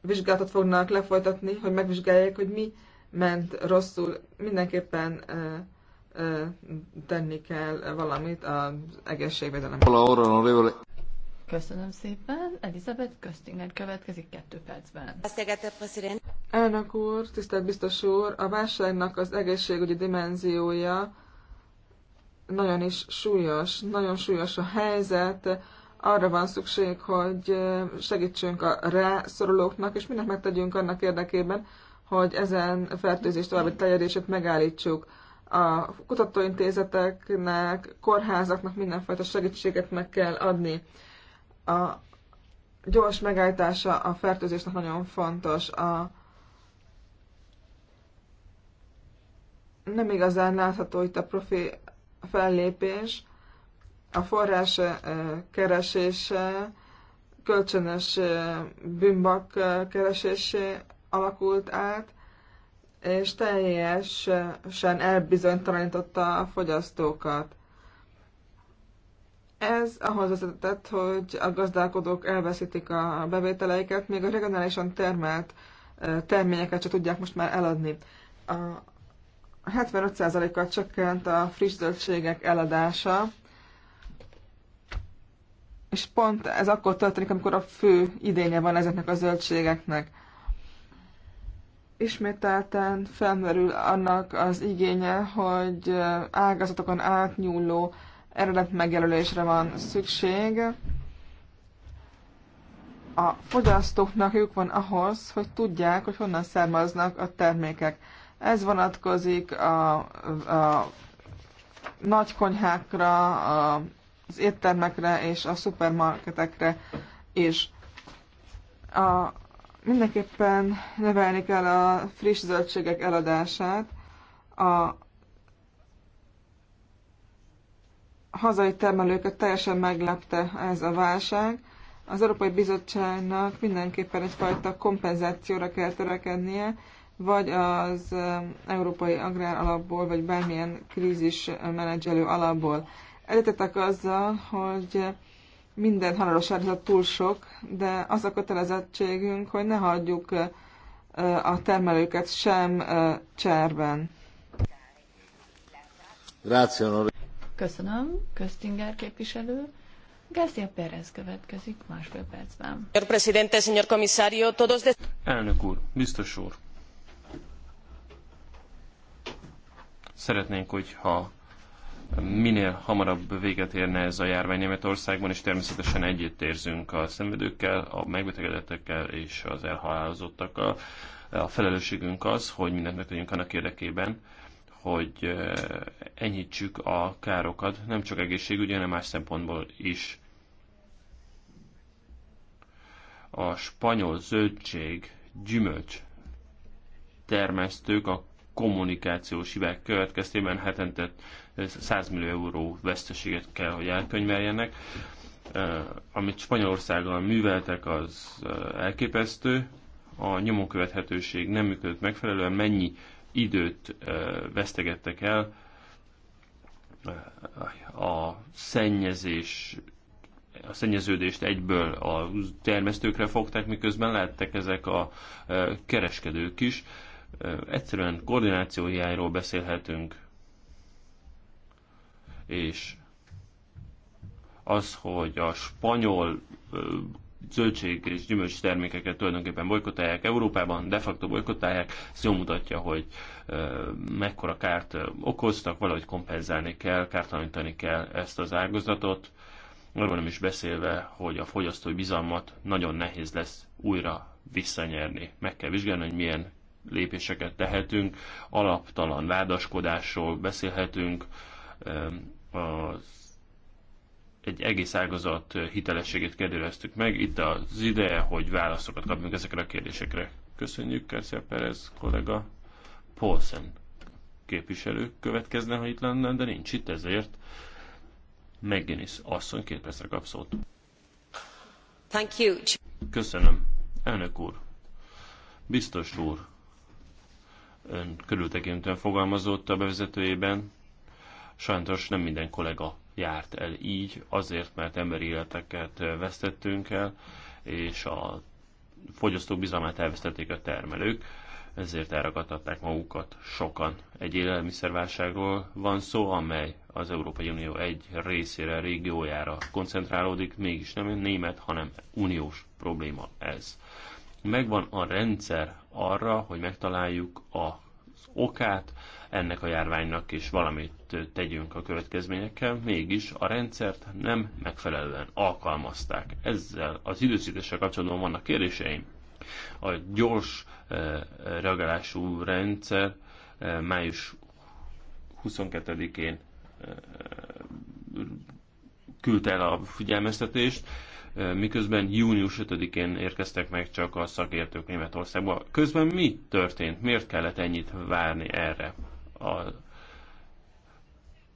S3: vizsgálatot fognak lefolytatni, hogy megvizsgálják, hogy mi ment rosszul. Mindenképpen ö, ö, tenni kell valamit az egészségvédelem. Köszönöm szépen. Elizabeth Köstinger következik kettő percben. Elnök úr, tisztelt biztos úr, a válságnak az egészségügyi dimenziója nagyon is súlyos, nagyon súlyos a helyzet, arra van szükség, hogy segítsünk a rászorulóknak, és mindent megtegyünk annak érdekében, hogy ezen fertőzés további terjedését megállítsuk. A kutatóintézeteknek, kórházaknak mindenfajta segítséget meg kell adni. A gyors megállítása a fertőzésnek nagyon fontos. A nem igazán látható itt a profi fellépés a forrás keresése kölcsönös bűnbak keresésé alakult át, és teljesen elbizonytalanította a fogyasztókat. Ez ahhoz vezetett, hogy a gazdálkodók elveszítik a bevételeiket, még a regionálisan termelt terményeket se tudják most már eladni. A 75%-kal csökkent a friss zöldségek eladása, és pont ez akkor történik, amikor a fő idénye van ezeknek a zöldségeknek. Ismételten felmerül annak az igénye, hogy ágazatokon átnyúló eredet megjelölésre van szükség. A fogyasztóknak jók van ahhoz, hogy tudják, hogy honnan származnak a termékek ez vonatkozik a, a nagy konyhákra, a, az éttermekre és a szupermarketekre és A, mindenképpen növelni kell a friss zöldségek eladását, a hazai termelőket teljesen meglepte ez a válság. Az Európai Bizottságnak mindenképpen egyfajta kompenzációra kell törekednie, vagy az um, Európai Agrár Alapból, vagy bármilyen krízis menedzselő alapból. Egyetetek azzal, hogy minden halálos áldozat túl sok, de az a kötelezettségünk, hogy ne hagyjuk uh, uh, a termelőket sem uh, cserben.
S1: Köszönöm, Köztinger képviselő. García Pérez következik másfél
S2: percben. Elnök úr, biztos úr, Szeretnénk, hogyha minél hamarabb véget érne ez a járvány Németországban, és természetesen együttérzünk a szenvedőkkel, a megbetegedettekkel és az elhalálozottakkal. A felelősségünk az, hogy mindent megtegyünk annak érdekében, hogy eh, enyhítsük a károkat, nem csak egészségügyi, hanem más szempontból is. A spanyol zöldség, gyümölcs termesztők a kommunikációs hibák következtében hetente 100 millió euró veszteséget kell, hogy elkönyveljenek. Amit Spanyolországgal műveltek, az elképesztő. A nyomonkövethetőség nem működött megfelelően, mennyi időt vesztegettek el a szennyezés a szennyeződést egyből a termesztőkre fogták, miközben lehettek ezek a kereskedők is. Egyszerűen koordináció hiányról beszélhetünk, és az, hogy a spanyol zöldség és gyümölcs termékeket tulajdonképpen bolykotálják Európában, de facto bolykotálják, ez jól mutatja, hogy mekkora kárt okoztak, valahogy kompenzálni kell, kártalanítani kell ezt az ágazatot, arról nem is beszélve, hogy a fogyasztói bizalmat nagyon nehéz lesz újra visszanyerni. Meg kell vizsgálni, hogy milyen lépéseket tehetünk, alaptalan vádaskodásról beszélhetünk, az egy egész ágazat hitelességét kérdőreztük meg. Itt az ideje, hogy válaszokat kapjunk ezekre a kérdésekre. Köszönjük, Kerszia Perez kollega. Paulsen képviselő következne, ha itt lenne, de nincs itt, ezért McGinnis asszony két percre kap szót. Thank you. Köszönöm. Elnök úr. Biztos úr ön körültekintően fogalmazott a bevezetőjében. Sajnos nem minden kollega járt el így, azért, mert emberi életeket vesztettünk el, és a fogyasztók bizalmát elvesztették a termelők, ezért elragadtatták magukat sokan. Egy élelmiszerválságról van szó, amely az Európai Unió egy részére, régiójára koncentrálódik, mégis nem német, hanem uniós probléma ez megvan a rendszer arra, hogy megtaláljuk az okát ennek a járványnak, és valamit tegyünk a következményekkel, mégis a rendszert nem megfelelően alkalmazták. Ezzel az időszítéssel kapcsolatban vannak kérdéseim. A gyors eh, reagálású rendszer eh, május 22-én eh, küldte el a figyelmeztetést, miközben június 5-én érkeztek meg csak a szakértők Németországba. Közben mi történt? Miért kellett ennyit várni erre? A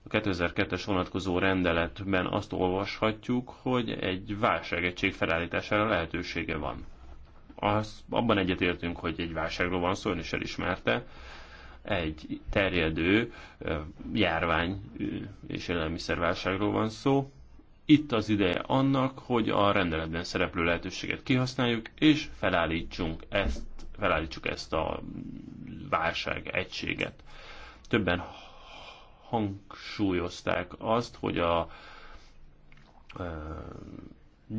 S2: 2002-es vonatkozó rendeletben azt olvashatjuk, hogy egy válságegység felállítására lehetősége van. Az, abban egyetértünk, hogy egy válságról van szó, ön is elismerte, egy terjedő járvány és élelmiszerválságról van szó, itt az ideje annak, hogy a rendeletben szereplő lehetőséget kihasználjuk, és felállítsunk ezt, felállítsuk ezt a válság egységet. Többen hangsúlyozták azt, hogy a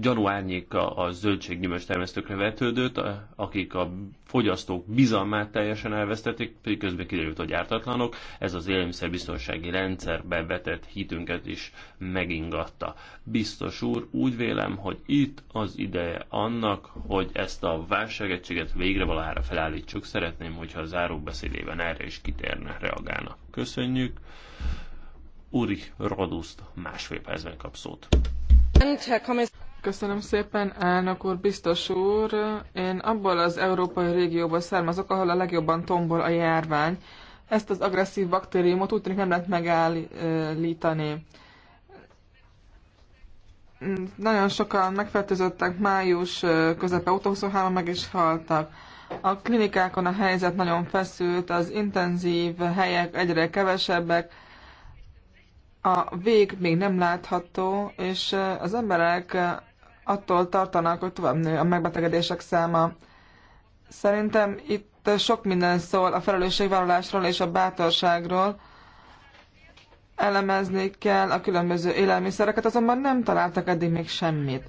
S2: gyanú árnyéka a zöldséggyümölcs termesztőkre vetődött, akik a fogyasztók bizalmát teljesen elvesztették, pedig közben kiderült, hogy ártatlanok. Ez az élelmiszerbiztonsági rendszerbe vetett hitünket is megingatta. Biztos úr, úgy vélem, hogy itt az ideje annak, hogy ezt a válságegységet végre valahára felállítsuk. Szeretném, hogyha a záróbeszédében erre is kitérne, reagálna. Köszönjük. Uri Raduszt másfél percben kap szót.
S3: Uh, Köszönöm szépen, elnök úr, biztos úr. Én abból az európai régióból származok, ahol a legjobban tombol a járvány. Ezt az agresszív baktériumot úgy tűnik nem lehet megállítani. Nagyon sokan megfertőzöttek május közepe óta, 23 meg is haltak. A klinikákon a helyzet nagyon feszült, az intenzív helyek egyre kevesebbek, a vég még nem látható, és az emberek attól tartanak, hogy tovább nő a megbetegedések száma. Szerintem itt sok minden szól a felelősségvállalásról és a bátorságról. Elemezni kell a különböző élelmiszereket, azonban nem találtak eddig még semmit.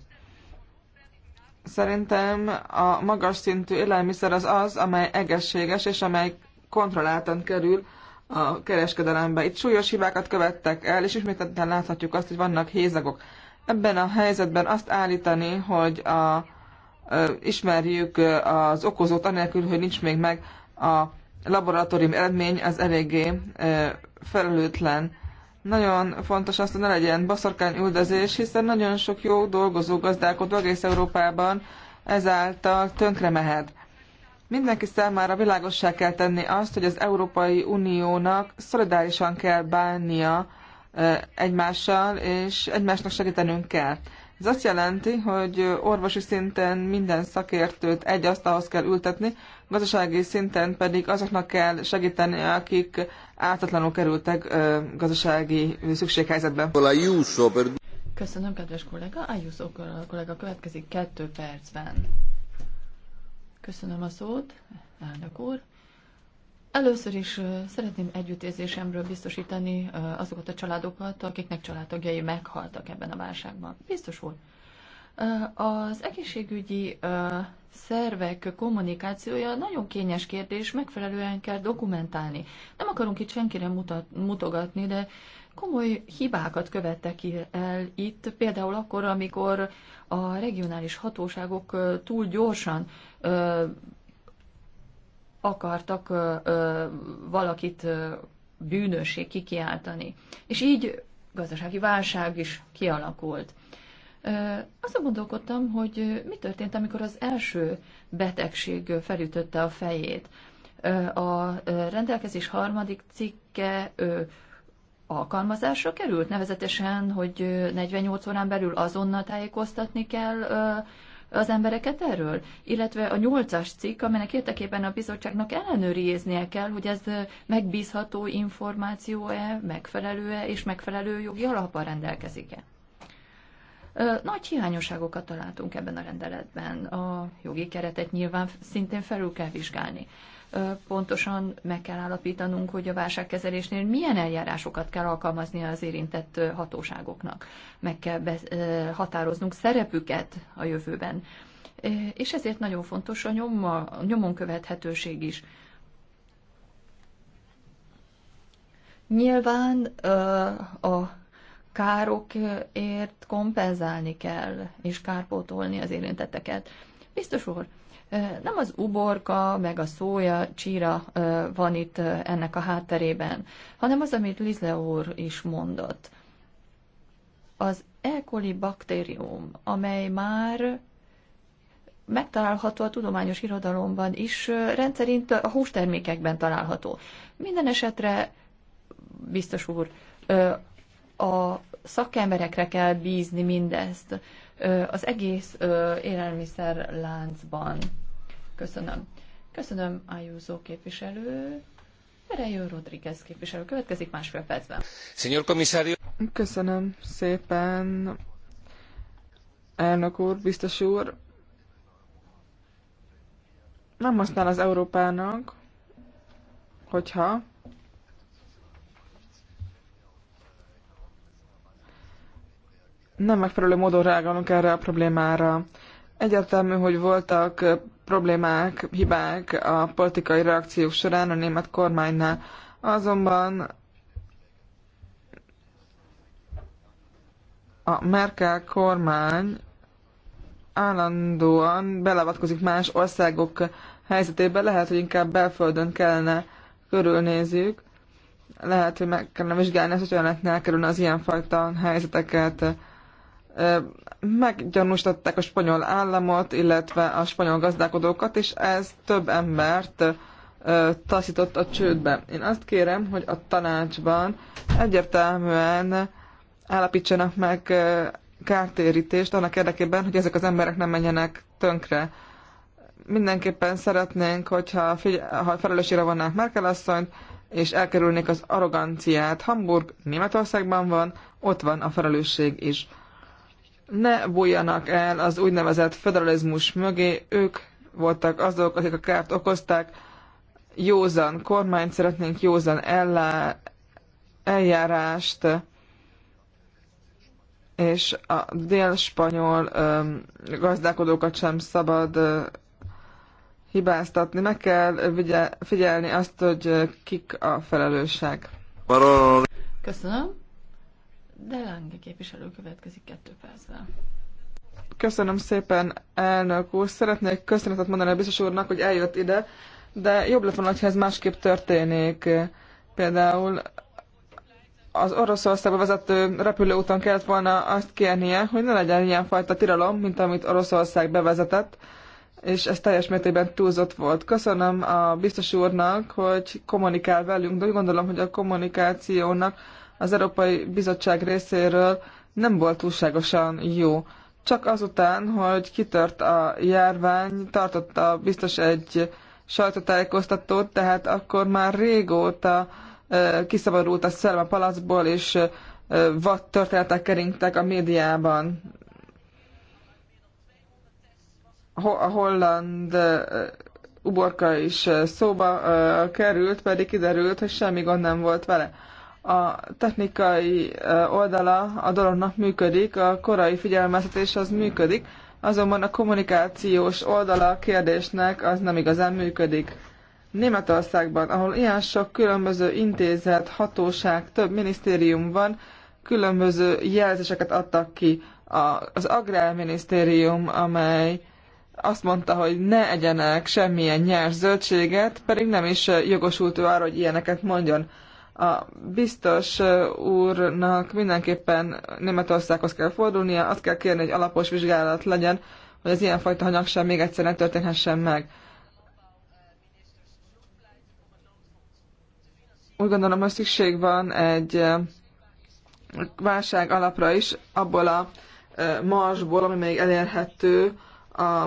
S3: Szerintem a magas szintű élelmiszer az az, amely egészséges és amely kontrolláltan kerül a kereskedelembe. Itt súlyos hibákat követtek el, és ismételten láthatjuk azt, hogy vannak hézagok. Ebben a helyzetben azt állítani, hogy a, ismerjük az okozót, anélkül, hogy nincs még meg a laboratórium eredmény, az eléggé felelőtlen. Nagyon fontos azt, hogy ne legyen baszorkány üldözés, hiszen nagyon sok jó dolgozó gazdálkodó egész Európában ezáltal tönkre mehet. Mindenki számára világossá kell tenni azt, hogy az Európai Uniónak szolidárisan kell bánnia egymással, és egymásnak segítenünk kell. Ez azt jelenti, hogy orvosi szinten minden szakértőt egy asztalhoz kell ültetni, gazdasági szinten pedig azoknak kell segíteni, akik ártatlanul kerültek gazdasági szükséghelyzetbe.
S1: Köszönöm, kedves kollega. Ayuso kollega következik kettő percben. Köszönöm a szót, elnök úr. Először is szeretném együttérzésemről biztosítani azokat a családokat, akiknek családtagjai meghaltak ebben a válságban. Biztos volt. Az egészségügyi szervek kommunikációja nagyon kényes kérdés, megfelelően kell dokumentálni. Nem akarunk itt senkire mutat, mutogatni, de komoly hibákat követtek el itt, például akkor, amikor a regionális hatóságok túl gyorsan akartak valakit bűnösség kikiáltani. És így gazdasági válság is kialakult. Azt gondolkodtam, hogy mi történt, amikor az első betegség felütötte a fejét. A rendelkezés harmadik cikke alkalmazásra került, nevezetesen, hogy 48 órán belül azonnal tájékoztatni kell az embereket erről? Illetve a nyolcas cikk, amelynek értekében a bizottságnak ellenőriznie kell, hogy ez megbízható információ-e, megfelelő-e és megfelelő jogi alapban rendelkezik-e. Nagy hiányosságokat találtunk ebben a rendeletben. A jogi keretet nyilván szintén felül kell vizsgálni pontosan meg kell állapítanunk, hogy a válságkezelésnél milyen eljárásokat kell alkalmazni az érintett hatóságoknak. Meg kell határoznunk szerepüket a jövőben. És ezért nagyon fontos a nyomon követhetőség is. Nyilván a károkért kompenzálni kell, és kárpótolni az érintetteket. Biztos úr, nem az uborka, meg a szója, csíra van itt ennek a hátterében, hanem az, amit Lizle úr is mondott. Az E. coli baktérium, amely már megtalálható a tudományos irodalomban is, rendszerint a hústermékekben található. Minden esetre, biztos úr, a szakemberekre kell bízni mindezt az egész élelmiszerláncban. láncban. Köszönöm. Köszönöm Ayuso képviselő.
S3: Erejő Rodríguez képviselő következik másfél percben. Señor komisario. Köszönöm szépen, elnök úr, biztos úr. Nem használ az Európának, hogyha nem megfelelő módon reagálunk erre a problémára. Egyértelmű, hogy voltak problémák, hibák a politikai reakciók során a német kormánynál. Azonban a Merkel kormány állandóan beleavatkozik más országok helyzetébe, lehet, hogy inkább belföldön kellene körülnézzük, lehet, hogy meg kellene vizsgálni, hogy olyan lehetne elkerülni az ilyenfajta helyzeteket meggyanúsították a spanyol államot, illetve a spanyol gazdálkodókat, és ez több embert taszított a csődbe. Én azt kérem, hogy a tanácsban egyértelműen állapítsanak meg kártérítést annak érdekében, hogy ezek az emberek nem menjenek tönkre. Mindenképpen szeretnénk, hogyha ha felelősségre vonnák Merkel asszonyt, és elkerülnék az arroganciát. Hamburg Németországban van, ott van a felelősség is ne bújjanak el az úgynevezett federalizmus mögé, ők voltak azok, akik a kárt okozták, józan kormányt szeretnénk, józan ellá, eljárást, és a dél-spanyol gazdálkodókat sem szabad ö, hibáztatni. Meg kell figyelni azt, hogy kik a felelősek. Köszönöm. De Lange képviselő következik
S1: kettő percben.
S3: Köszönöm szépen, elnök úr. Szeretnék köszönetet mondani a biztos úrnak, hogy eljött ide, de jobb lett volna, ha ez másképp történik. Például az Oroszországba vezető repülőúton kellett volna azt kérnie, hogy ne legyen ilyenfajta tiralom, mint amit Oroszország bevezetett, és ez teljes mértékben túlzott volt. Köszönöm a biztos úrnak, hogy kommunikál velünk, de úgy gondolom, hogy a kommunikációnak az Európai Bizottság részéről nem volt túlságosan jó. Csak azután, hogy kitört a járvány, tartotta biztos egy sajtótájékoztatót, tehát akkor már régóta kiszabadult a szellem a palacból, és vad történetek keringtek a médiában. A holland uborka is szóba került, pedig kiderült, hogy semmi gond nem volt vele a technikai oldala a dolognak működik, a korai figyelmeztetés az működik, azonban a kommunikációs oldala a kérdésnek az nem igazán működik. Németországban, ahol ilyen sok különböző intézet, hatóság, több minisztérium van, különböző jelzéseket adtak ki. az Agrárminisztérium, amely azt mondta, hogy ne egyenek semmilyen nyers zöldséget, pedig nem is jogosult ő arra, hogy ilyeneket mondjon. A biztos úrnak mindenképpen Németországhoz kell fordulnia, azt kell kérni, hogy alapos vizsgálat legyen, hogy az ilyenfajta hanyagság még egyszer ne történhessen meg. Úgy gondolom, hogy szükség van egy válság alapra is, abból a marsból, ami még elérhető a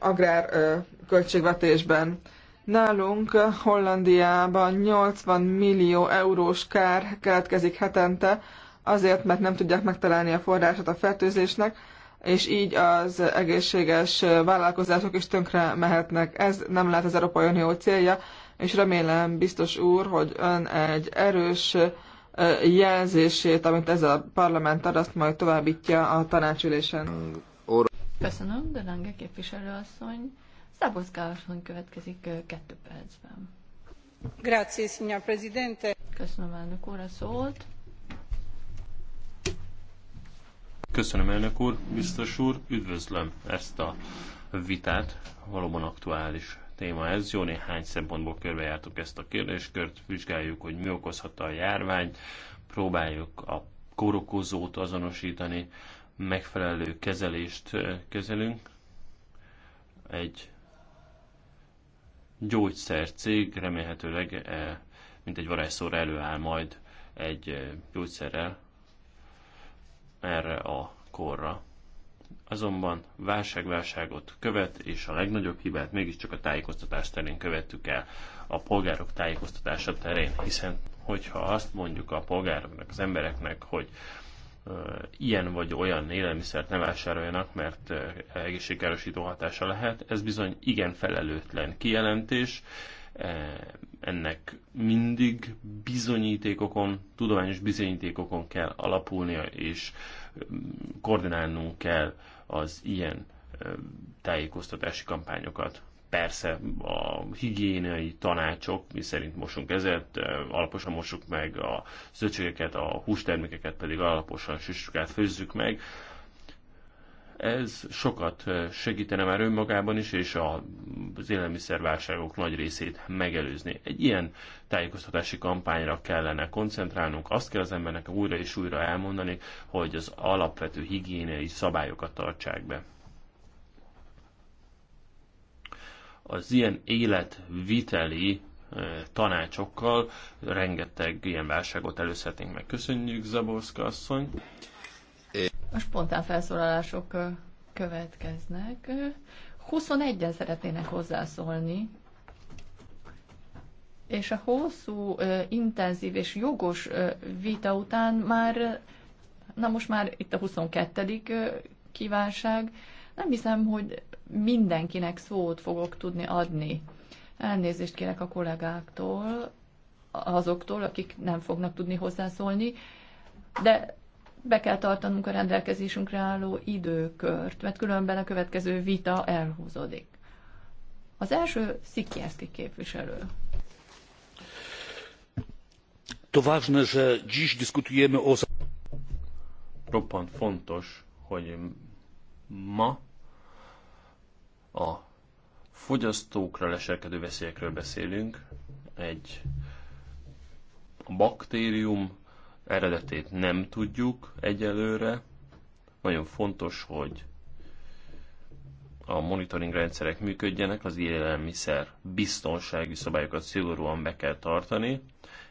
S3: agrárköltségvetésben. költségvetésben. Nálunk Hollandiában 80 millió eurós kár keletkezik hetente, azért, mert nem tudják megtalálni a forrását a fertőzésnek, és így az egészséges vállalkozások is tönkre mehetnek. Ez nem lehet az Európai Unió célja, és remélem, biztos úr, hogy ön egy erős jelzését, amit ez a parlament ad, azt majd továbbítja a tanácsülésen.
S1: Köszönöm, de Lange képviselőasszony. Szaboszka asszony következik kettő percben. Grazie, signor Presidente. Köszönöm, elnök úr, a szót.
S2: Köszönöm, elnök úr, biztos úr, üdvözlöm ezt a vitát, valóban aktuális téma ez. Jó néhány szempontból körbejártuk ezt a kérdéskört, vizsgáljuk, hogy mi okozhatta a járvány, próbáljuk a korokozót azonosítani, megfelelő kezelést kezelünk. Egy gyógyszercég remélhetőleg, e, mint egy varázsszóra előáll majd egy e, gyógyszerrel erre a korra. Azonban válságválságot követ, és a legnagyobb hibát mégiscsak a tájékoztatás terén követtük el, a polgárok tájékoztatása terén, hiszen hogyha azt mondjuk a polgároknak, az embereknek, hogy ilyen vagy olyan élelmiszert ne vásároljanak, mert egészségkárosító hatása lehet. Ez bizony igen felelőtlen kijelentés. Ennek mindig bizonyítékokon, tudományos bizonyítékokon kell alapulnia, és koordinálnunk kell az ilyen tájékoztatási kampányokat. Persze a higiéniai tanácsok, mi szerint mosunk ezért, alaposan mosuk meg a zöldségeket, a hústermékeket pedig alaposan süssük át, főzzük meg. Ez sokat segítene már önmagában is, és az élelmiszerválságok nagy részét megelőzni. Egy ilyen tájékoztatási kampányra kellene koncentrálnunk. Azt kell az embernek újra és újra elmondani, hogy az alapvető higiéniai szabályokat tartsák be. az ilyen életviteli eh, tanácsokkal rengeteg ilyen válságot előzhetnénk meg. Köszönjük, Zaborszka asszony!
S1: A spontán felszólalások eh, következnek. 21-en szeretnének hozzászólni, és a hosszú, eh, intenzív és jogos vita után már, na most már itt a 22. kívánság, nem hiszem, hogy mindenkinek szót fogok tudni adni. Elnézést kérek a kollégáktól, azoktól, akik nem fognak tudni hozzászólni, de be kell tartanunk a rendelkezésünkre álló időkört, mert különben a következő vita elhúzódik. Az első Szikierszki képviselő.
S2: To ważne, że dziś dyskutujemy o... Roppant fontos, hogy ma a fogyasztókra leselkedő veszélyekről beszélünk. Egy baktérium eredetét nem tudjuk egyelőre. Nagyon fontos, hogy a monitoring rendszerek működjenek, az élelmiszer biztonsági szabályokat szigorúan be kell tartani.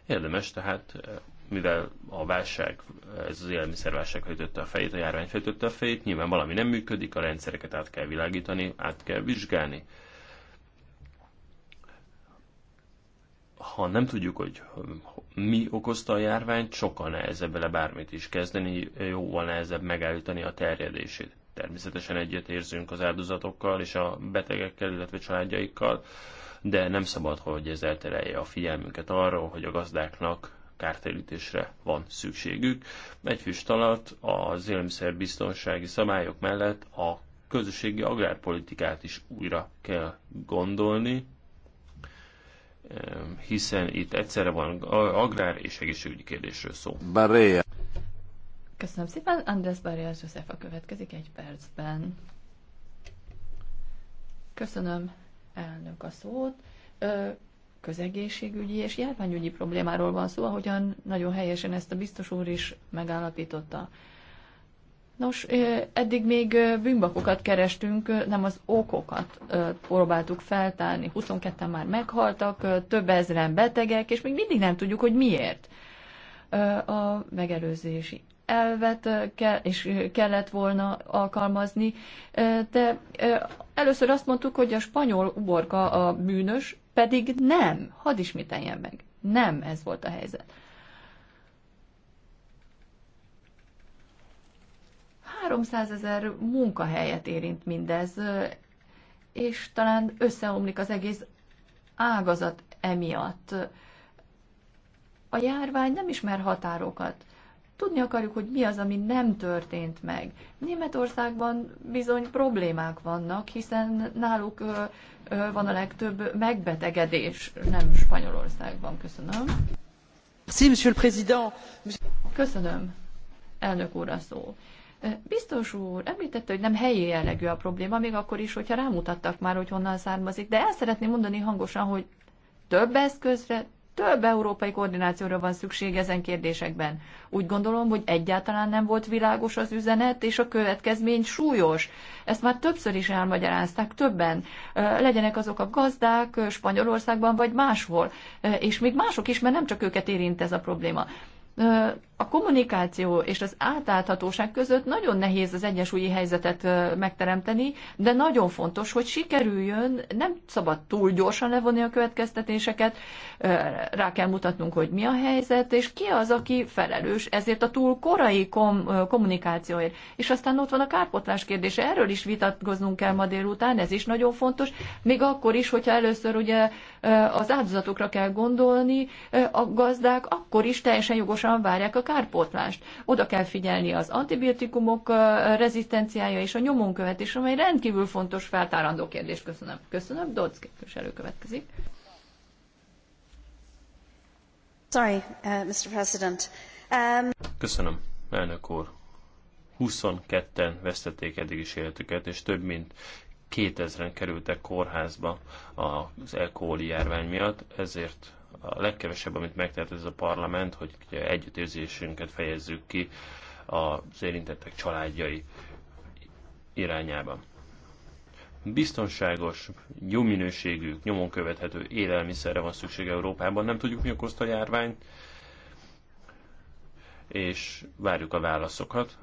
S2: Érdemes tehát mivel a válság, ez az élelmiszerválság hajtotta a fejét, a járvány hajtotta a fejét, nyilván valami nem működik, a rendszereket át kell világítani, át kell vizsgálni. Ha nem tudjuk, hogy mi okozta a járványt, sokkal nehezebb vele bármit is kezdeni, jóval nehezebb megállítani a terjedését. Természetesen egyet érzünk az áldozatokkal és a betegekkel, illetve családjaikkal, de nem szabad, hogy ez elterelje a figyelmünket arról, hogy a gazdáknak kártérítésre van szükségük. Egyfős talat az élelmiszerbiztonsági szabályok mellett a közösségi agrárpolitikát is újra kell gondolni, ehm, hiszen itt egyszerre van agrár és egészségügyi kérdésről szó. Barrea.
S1: Köszönöm szépen. András Barrea a következik egy percben. Köszönöm elnök a szót. Ö közegészségügyi és járványügyi problémáról van szó, ahogyan nagyon helyesen ezt a biztos úr is megállapította. Nos, eddig még bűnbakokat kerestünk, nem az okokat próbáltuk feltárni. 22-en már meghaltak, több ezeren betegek, és még mindig nem tudjuk, hogy miért. A megelőzési elvet kell, és kellett volna alkalmazni, de először azt mondtuk, hogy a spanyol uborka a bűnös, pedig nem, hadd ismételjem meg, nem ez volt a helyzet. ezer munkahelyet érint mindez, és talán összeomlik az egész ágazat emiatt. A járvány nem ismer határokat. Tudni akarjuk, hogy mi az, ami nem történt meg. Németországban bizony problémák vannak, hiszen náluk van a legtöbb megbetegedés, nem Spanyolországban. Köszönöm. monsieur le président. Köszönöm, elnök úr a szó. Biztos úr, említette, hogy nem helyi jellegű a probléma, még akkor is, hogyha rámutattak már, hogy honnan származik, de el szeretném mondani hangosan, hogy több eszközre, több európai koordinációra van szükség ezen kérdésekben. Úgy gondolom, hogy egyáltalán nem volt világos az üzenet, és a következmény súlyos. Ezt már többször is elmagyarázták többen. Legyenek azok a gazdák Spanyolországban vagy máshol, és még mások is, mert nem csak őket érint ez a probléma a kommunikáció és az átláthatóság között nagyon nehéz az egyensúlyi helyzetet megteremteni, de nagyon fontos, hogy sikerüljön, nem szabad túl gyorsan levonni a következtetéseket, rá kell mutatnunk, hogy mi a helyzet, és ki az, aki felelős ezért a túl korai kom- kommunikációért. És aztán ott van a kárpotlás kérdése, erről is vitatkoznunk kell ma délután, ez is nagyon fontos, még akkor is, hogyha először ugye az áldozatokra kell gondolni, a gazdák akkor is teljesen jogosan várják a kárpótlást. Oda kell figyelni az antibiotikumok rezisztenciája és a nyomonkövetés, amely rendkívül fontos feltárandó kérdés. Köszönöm. Köszönöm. Dodds képviselő következik. Sorry, uh, Mr. President. Um...
S2: Köszönöm, elnök úr. 22-en vesztették eddig is életüket, és több mint 2000-en kerültek kórházba az E. járvány miatt, ezért a legkevesebb, amit megtehet ez a parlament, hogy együttérzésünket fejezzük ki az érintettek családjai irányában. Biztonságos, jó minőségű, nyomon követhető élelmiszerre van szükség Európában. Nem tudjuk, mi okozta a járványt, és várjuk a válaszokat.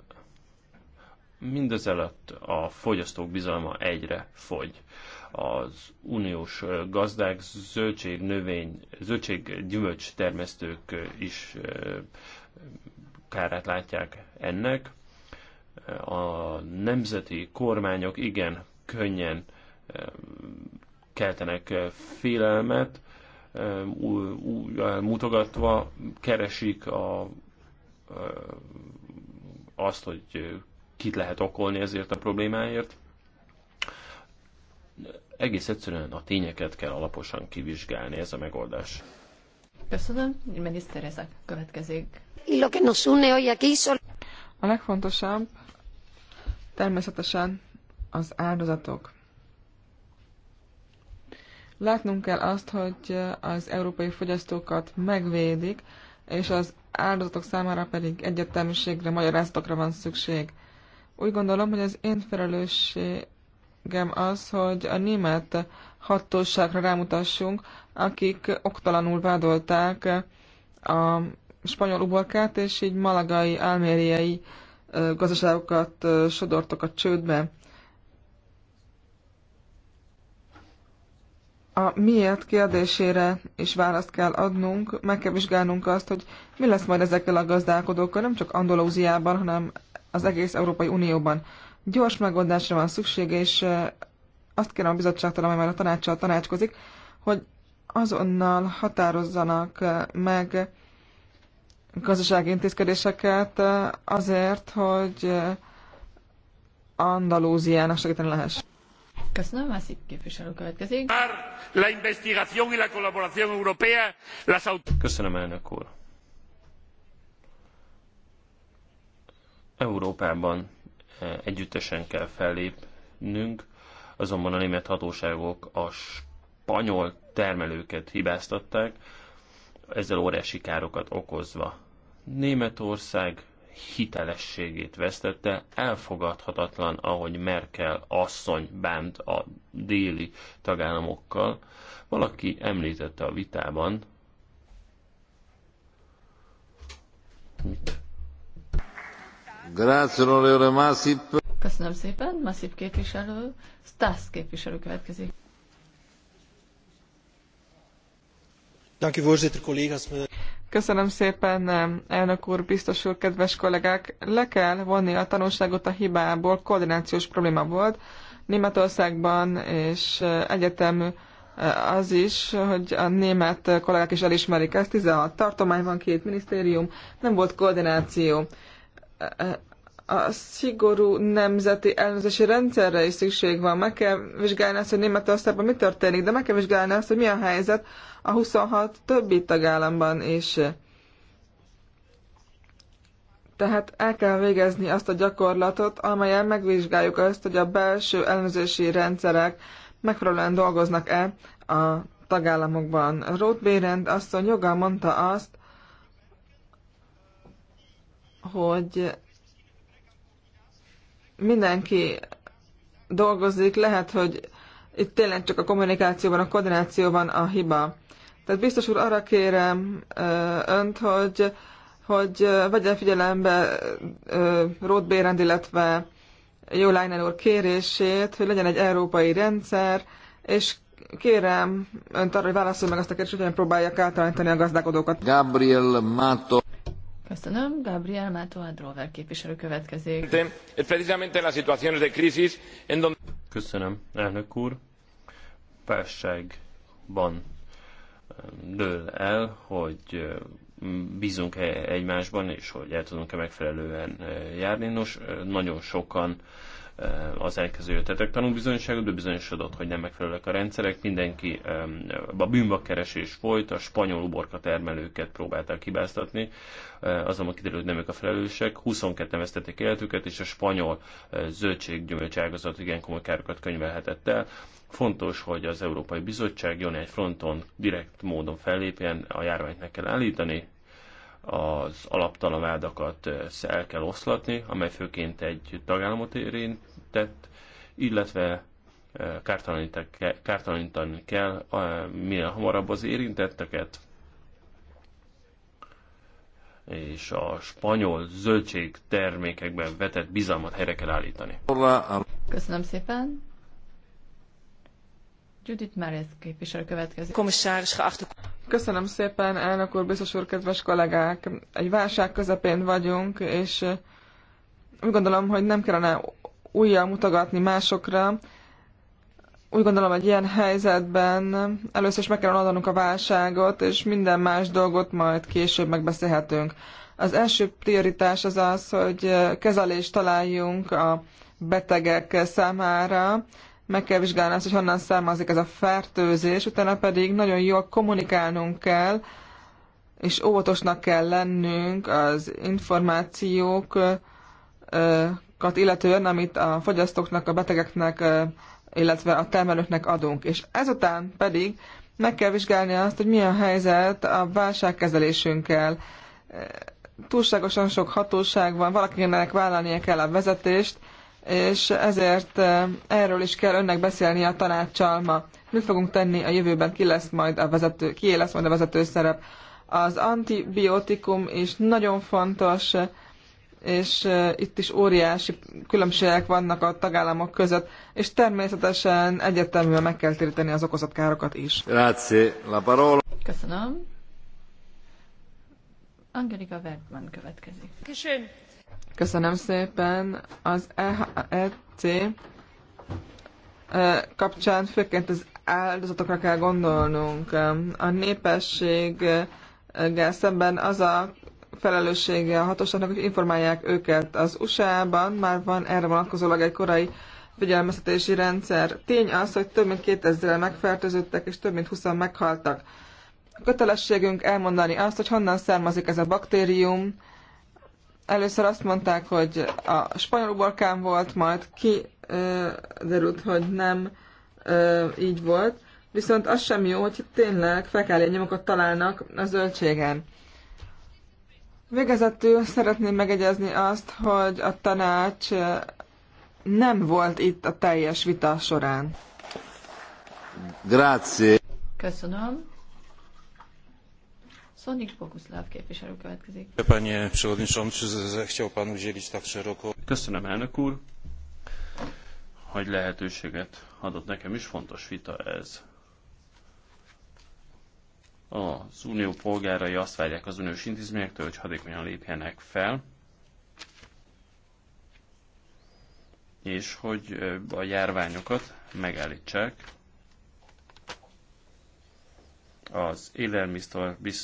S2: Mindezelőtt a fogyasztók bizalma egyre fogy. Az uniós gazdák, zöldség, növény, zöldség, gyümölcs termesztők is kárát látják ennek. A nemzeti kormányok igen könnyen keltenek félelmet, mutogatva keresik a, azt, hogy kit lehet okolni ezért a problémáért. Egész egyszerűen a tényeket kell alaposan kivizsgálni, ez a megoldás.
S1: Köszönöm, miniszter, ez a következik.
S3: A legfontosabb természetesen az áldozatok. Látnunk kell azt, hogy az európai fogyasztókat megvédik, és az áldozatok számára pedig egyértelműségre, magyarázatokra van szükség. Úgy gondolom, hogy az én felelősségem az, hogy a német hatóságra rámutassunk, akik oktalanul vádolták a spanyol uborkát, és így malagai, álmériai gazdaságokat sodortak a csődbe. a miért kérdésére is választ kell adnunk, meg kell vizsgálnunk azt, hogy mi lesz majd ezekkel a gazdálkodókkal, nem csak Andalúziában, hanem az egész Európai Unióban. Gyors megoldásra van szüksége, és azt kérem a bizottságtól, amely már a tanácssal tanácskozik, hogy azonnal határozzanak meg gazdasági intézkedéseket azért, hogy Andalúziának segíteni lehessen. Köszönöm, Mászik képviselő következik.
S2: Köszönöm, elnök úr Európában e, együttesen kell fellépnünk, azonban a német hatóságok a spanyol termelőket hibáztatták, ezzel óriási károkat okozva. Németország hitelességét vesztette, elfogadhatatlan, ahogy Merkel asszony bánt a déli tagállamokkal. Valaki említette a vitában,
S1: Köszönöm szépen, Masip képviselő.
S3: Stász képviselő következik. Köszönöm szépen, elnök úr, biztos úr, kedves kollégák! Le kell vonni a tanulságot a hibából, koordinációs probléma volt Németországban, és eh, egyetemű eh, az is, hogy a német kollégák is elismerik ezt, 16 tartomány van, két minisztérium, nem volt koordináció a szigorú nemzeti ellenőrzési rendszerre is szükség van. Meg kell vizsgálni azt, hogy Németországban mi történik, de meg kell vizsgálni azt, hogy mi a helyzet a 26 többi tagállamban is. Tehát el kell végezni azt a gyakorlatot, amelyen megvizsgáljuk azt, hogy a belső ellenőrzési rendszerek megfelelően dolgoznak-e a tagállamokban. Roth Bérend asszony joga mondta azt, hogy mindenki dolgozik, lehet, hogy itt tényleg csak a kommunikációban, a koordinációban a hiba. Tehát biztos úr, arra kérem önt, hogy, hogy vegye figyelembe Roth Bérend, illetve Jó Leiner úr kérését, hogy legyen egy európai rendszer, és kérem önt arra, hogy válaszol meg azt a kérdést, hogy próbálják átalakítani a gazdálkodókat. Gabriel Mato.
S1: Köszönöm. Gabriel Mato Adrover képviselő következik.
S2: Köszönöm, elnök úr. Válságban dől el, hogy bízunk -e egymásban, és hogy el tudunk-e megfelelően járni. Nos, nagyon sokan Eh, az elkezőjét tettek tanúbizonyságot, de bizonyosodott, hogy nem megfelelőek a rendszerek. Mindenki eh, a bűnbakkeresés folyt, a spanyol uborka termelőket próbálták kibáztatni, eh, azonban kiderült, nem ők a felelősek. 22-en vesztették életüket, és a spanyol zöldséggyümölcs ágazat igen komoly károkat könyvelhetett el. Fontos, hogy az Európai Bizottság jön egy fronton direkt módon fellépjen, a járványt meg kell állítani, az alaptalan vádakat el kell oszlatni, amely főként egy tagállamot érint, tett, illetve eh, kártalanítani kell eh, minél hamarabb az érintetteket, és a spanyol zöldség termékekben vetett bizalmat helyre kell állítani.
S1: Köszönöm szépen.
S3: Judith Merez képviselő következik. Komissáris, Köszönöm szépen, elnök úr, biztos úr, kedves kollégák! Egy válság közepén vagyunk, és úgy gondolom, hogy nem kellene újjal mutogatni másokra. Úgy gondolom, hogy ilyen helyzetben először is meg kell adnunk a válságot, és minden más dolgot majd később megbeszélhetünk. Az első prioritás az az, hogy kezelést találjunk a betegek számára, meg kell vizsgálni azt, hogy honnan származik ez a fertőzés, utána pedig nagyon jól kommunikálnunk kell, és óvatosnak kell lennünk az információk illetően, amit a fogyasztóknak, a betegeknek, illetve a termelőknek adunk. És ezután pedig meg kell vizsgálni azt, hogy milyen helyzet a válságkezelésünkkel. Túlságosan sok hatóság van, valakinek vállalnia kell a vezetést, és ezért erről is kell önnek beszélni a tanácssal ma. Mit fogunk tenni a jövőben, ki lesz majd a vezető, ki lesz majd a vezető szerep. Az antibiotikum is nagyon fontos, és itt is óriási különbségek vannak a tagállamok között, és természetesen egyértelműen meg kell téríteni az okozott károkat is.
S1: Grazie, la parola.
S3: Köszönöm. Angelika Wertmann
S1: következik. Köszönöm.
S3: Köszönöm szépen. Az EHC e kapcsán főként az áldozatokra kell gondolnunk. A népesség szemben az a felelőssége a hatóságnak, hogy informálják őket. Az USA-ban már van erre vonatkozólag egy korai figyelmeztetési rendszer. Tény az, hogy több mint 2000 megfertőzöttek, és több mint 20 meghaltak. A kötelességünk elmondani azt, hogy honnan származik ez a baktérium. Először azt mondták, hogy a spanyol uborkán volt, majd ki derült, hogy nem így volt. Viszont az sem jó, hogy tényleg fekáli nyomokat találnak a zöldségen. Végezetül szeretném megegyezni azt, hogy a tanács eh, nem volt itt a teljes vita során. Grazie. Köszönöm.
S1: Szonik Boguszláv képviselő következik.
S3: Panie przewodniczący, zechciał pan
S2: udzielić tak szeroko. Köszönöm, elnök úr, hogy lehetőséget adott nekem is. Fontos vita ez az unió polgárai azt várják az uniós intézményektől, hogy hadékonyan lépjenek fel, és hogy a járványokat megállítsák. Az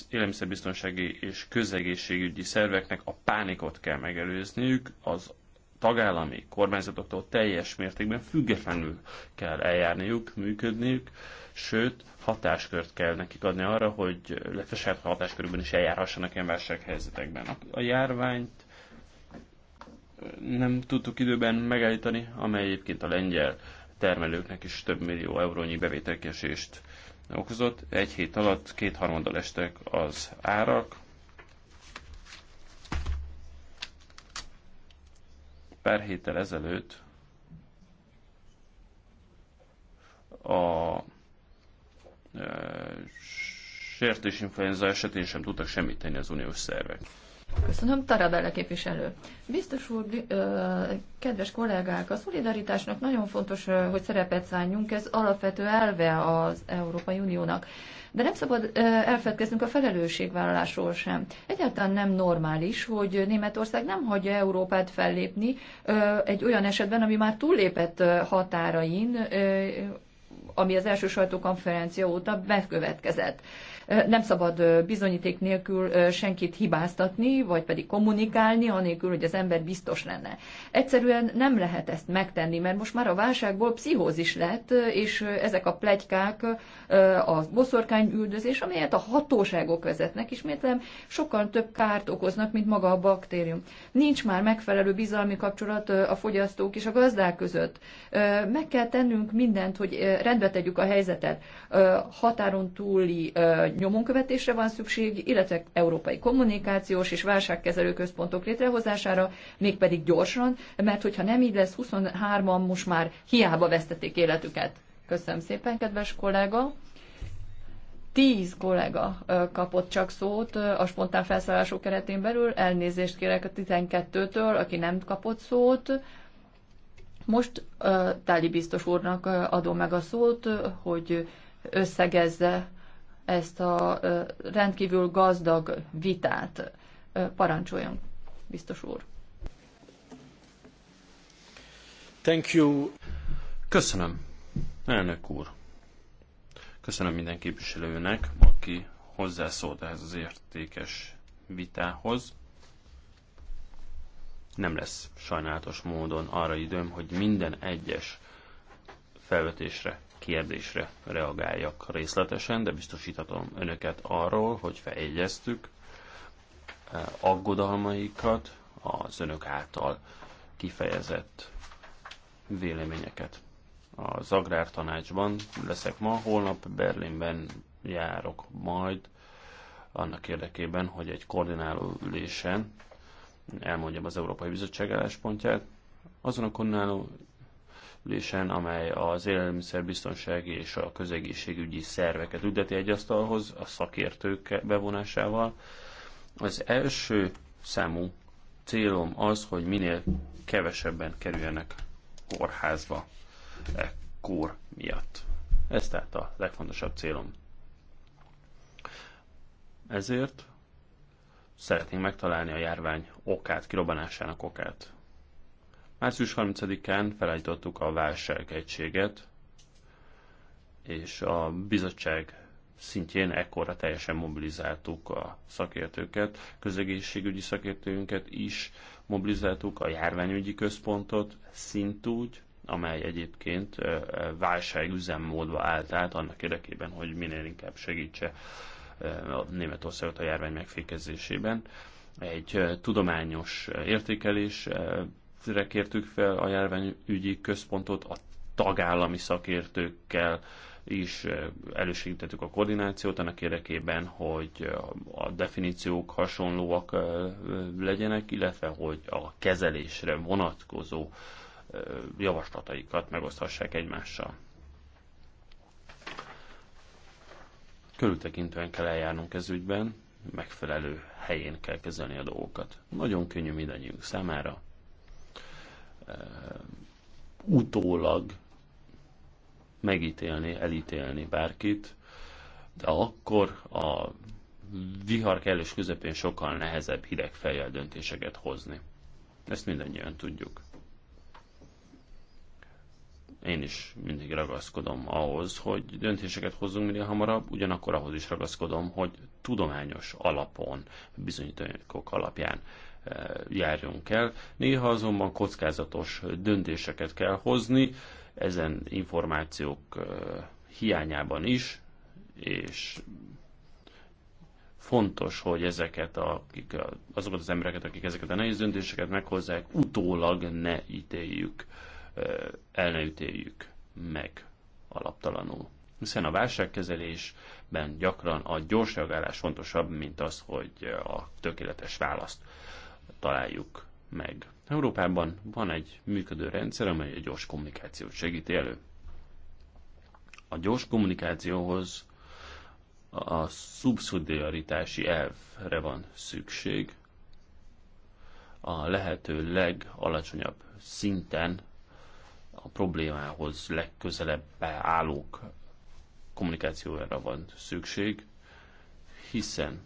S2: élelmiszerbiztonsági és közegészségügyi szerveknek a pánikot kell megelőzniük, az tagállami kormányzatoktól teljes mértékben függetlenül kell eljárniuk, működniük, sőt hatáskört kell nekik adni arra, hogy illetve saját hatáskörükben is eljárhassanak ilyen válsághelyzetekben. A járványt nem tudtuk időben megállítani, amely egyébként a lengyel termelőknek is több millió eurónyi bevételkiesést okozott. Egy hét alatt kétharmaddal estek az árak. Pár héttel ezelőtt a sertésinfluenza esetén sem tudtak semmit tenni az uniós szervek.
S1: Köszönöm, Tarabella képviselő. Biztos úr, kedves kollégák, a szolidaritásnak nagyon fontos, hogy szerepet szálljunk, ez alapvető elve az Európai Uniónak. De nem szabad elfedkeznünk a felelősségvállalásról sem. Egyáltalán nem normális, hogy Németország nem hagyja Európát fellépni egy olyan esetben, ami már túllépett határain, ami az első sajtókonferencia óta bekövetkezett. Nem szabad bizonyíték nélkül senkit hibáztatni, vagy pedig kommunikálni, anélkül, hogy az ember biztos lenne. Egyszerűen nem lehet ezt megtenni, mert most már a válságból pszichózis lett, és ezek a plegykák, a boszorkány üldözés, amelyet a hatóságok vezetnek, ismétlem, sokkal több kárt okoznak, mint maga a baktérium. Nincs már megfelelő bizalmi kapcsolat a fogyasztók és a gazdák között. Meg kell tennünk mindent, hogy rendbe tegyük a helyzetet. Határon túli nyomonkövetésre van szükség, illetve európai kommunikációs és válságkezelő központok létrehozására, mégpedig gyorsan, mert hogyha nem így lesz, 23-an most már hiába vesztették életüket. Köszönöm szépen, kedves kollega! tíz kollega kapott csak szót a spontán felszállások keretén belül. Elnézést kérek a 12-től, aki nem kapott szót. Most Táli biztos úrnak adom meg a szót, hogy összegezze ezt a rendkívül gazdag vitát. Parancsoljon, biztos úr.
S2: Thank you. Köszönöm, elnök úr. Köszönöm minden képviselőnek, aki hozzászólt ehhez az értékes vitához. Nem lesz sajnálatos módon arra időm, hogy minden egyes felvetésre kérdésre reagáljak részletesen, de biztosíthatom önöket arról, hogy fejegyeztük eh, aggodalmaikat, az önök által kifejezett véleményeket. Az Agrártanácsban leszek ma, holnap Berlinben járok majd, annak érdekében, hogy egy koordináló ülésen elmondjam az Európai Bizottság álláspontját. Azon a koordináló ülésen, amely az élelmiszerbiztonsági és a közegészségügyi szerveket üldeti egy asztalhoz a szakértők bevonásával. Az első számú célom az, hogy minél kevesebben kerüljenek kórházba e kór miatt. Ez tehát a legfontosabb célom. Ezért szeretnénk megtalálni a járvány okát, kirobanásának okát. Március 30-án felállítottuk a válságegységet, és a bizottság szintjén ekkora teljesen mobilizáltuk a szakértőket, közegészségügyi szakértőinket is mobilizáltuk, a járványügyi központot szintúgy, amely egyébként üzemmódba állt át annak érdekében, hogy minél inkább segítse a Németországot a járvány megfékezésében. Egy tudományos értékelés projektre kértük fel a járványügyi központot a tagállami szakértőkkel is eh, elősegítettük a koordinációt annak érdekében, hogy eh, a definíciók hasonlóak eh, legyenek, illetve hogy a kezelésre vonatkozó javaslataikat megoszthassák egymással. Körültekintően kell eljárnunk ez ügyben, megfelelő helyén kell kezelni a dolgokat. Nagyon könnyű mindannyiunk számára, utólag megítélni, elítélni bárkit, de akkor a vihar kellős közepén sokkal nehezebb hideg fejjel döntéseket hozni. Ezt mindannyian tudjuk. Én is mindig ragaszkodom ahhoz, hogy döntéseket hozzunk minél hamarabb, ugyanakkor ahhoz is ragaszkodom, hogy tudományos alapon, bizonyítékok alapján Eh, járjunk el. Néha azonban kockázatos döntéseket kell hozni, ezen információk eh, hiányában is, és fontos, hogy ezeket, akik, azokat az embereket, akik ezeket a nehéz döntéseket meghozzák, utólag ne ítéljük, eh, el ne ítéljük meg alaptalanul. Hiszen a válságkezelésben gyakran a gyors reagálás fontosabb, mint az, hogy a tökéletes választ találjuk meg. Európában van egy működő rendszer, amely a gyors kommunikációt segíti elő. A gyors kommunikációhoz a szubszidiaritási elvre van szükség, a lehető legalacsonyabb szinten a problémához legközelebb állók kommunikációra van szükség, hiszen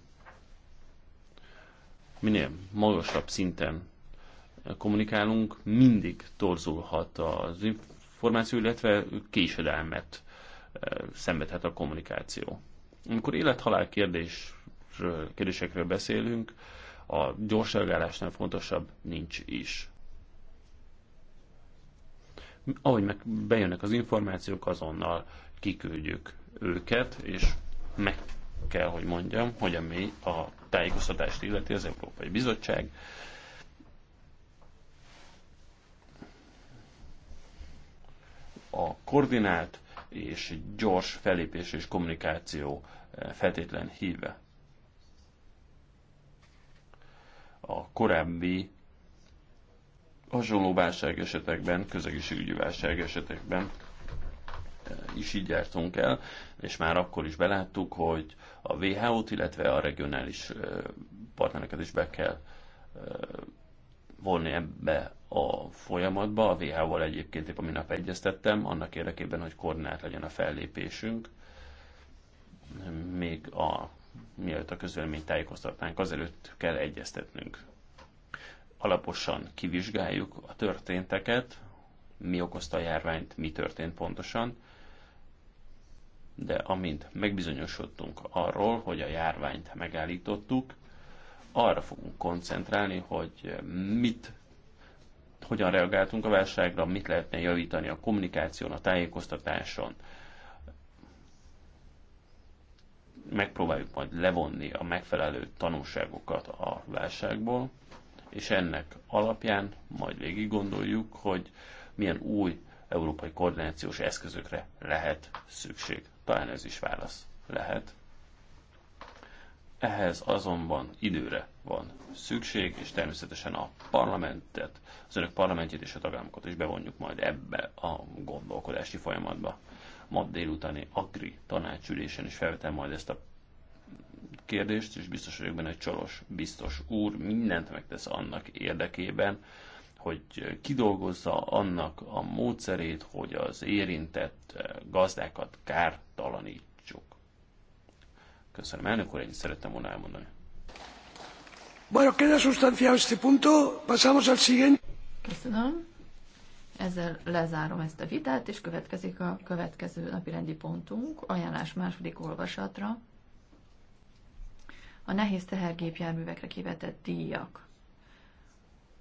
S2: minél magasabb szinten kommunikálunk, mindig torzulhat az információ, illetve késedelmet eh, szenvedhet a kommunikáció. Amikor élet-halál kérdés, kérdésekről beszélünk, a gyors reagálásnál fontosabb nincs is. Ahogy meg bejönnek az információk, azonnal kiküldjük őket, és meg kell, hogy mondjam, hogy ami a tájékoztatást illeti az Európai Bizottság, a koordinált és gyors felépés és kommunikáció eh, feltétlen híve. A korábbi hasonló válság esetekben, közegészségügyi válság esetekben eh, is így jártunk el és már akkor is beláttuk, hogy a WHO-t, illetve a regionális partnereket is be kell vonni ebbe a folyamatba. A WHO-val egyébként épp a minap egyeztettem, annak érdekében, hogy koordinált legyen a fellépésünk. Még a, mielőtt a közvéleményt tájékoztatnánk, azelőtt kell egyeztetnünk. Alaposan kivizsgáljuk a történteket, mi okozta a járványt, mi történt pontosan, de amint megbizonyosodtunk arról, hogy a járványt megállítottuk, arra fogunk koncentrálni, hogy mit, hogyan reagáltunk a válságra, mit lehetne javítani a kommunikáción, a tájékoztatáson. Megpróbáljuk majd levonni a megfelelő tanulságokat a válságból, és ennek alapján majd végig gondoljuk, hogy milyen új európai koordinációs eszközökre lehet szükség. Talán ez is válasz lehet. Ehhez azonban időre van szükség, és természetesen a parlamentet, az önök parlamentjét és a tagállamokat is bevonjuk majd ebbe a gondolkodási folyamatba. Ma délutáni Agri tanácsülésen is felvetem majd ezt a kérdést, és biztos vagyok benne, hogy Csolos biztos úr mindent megtesz annak érdekében, hogy kidolgozza annak a módszerét, hogy az érintett eh, gazdákat kártalanítsuk. Köszönöm, elnök úr, én szerettem
S3: volna elmondani. Bueno, queda sustanciado este punto. Pasamos al siguiente.
S1: Köszönöm. Ezzel lezárom ezt a vitát, és következik a következő napi rendi pontunk, ajánlás második olvasatra. A nehéz tehergépjárművekre kivetett díjak.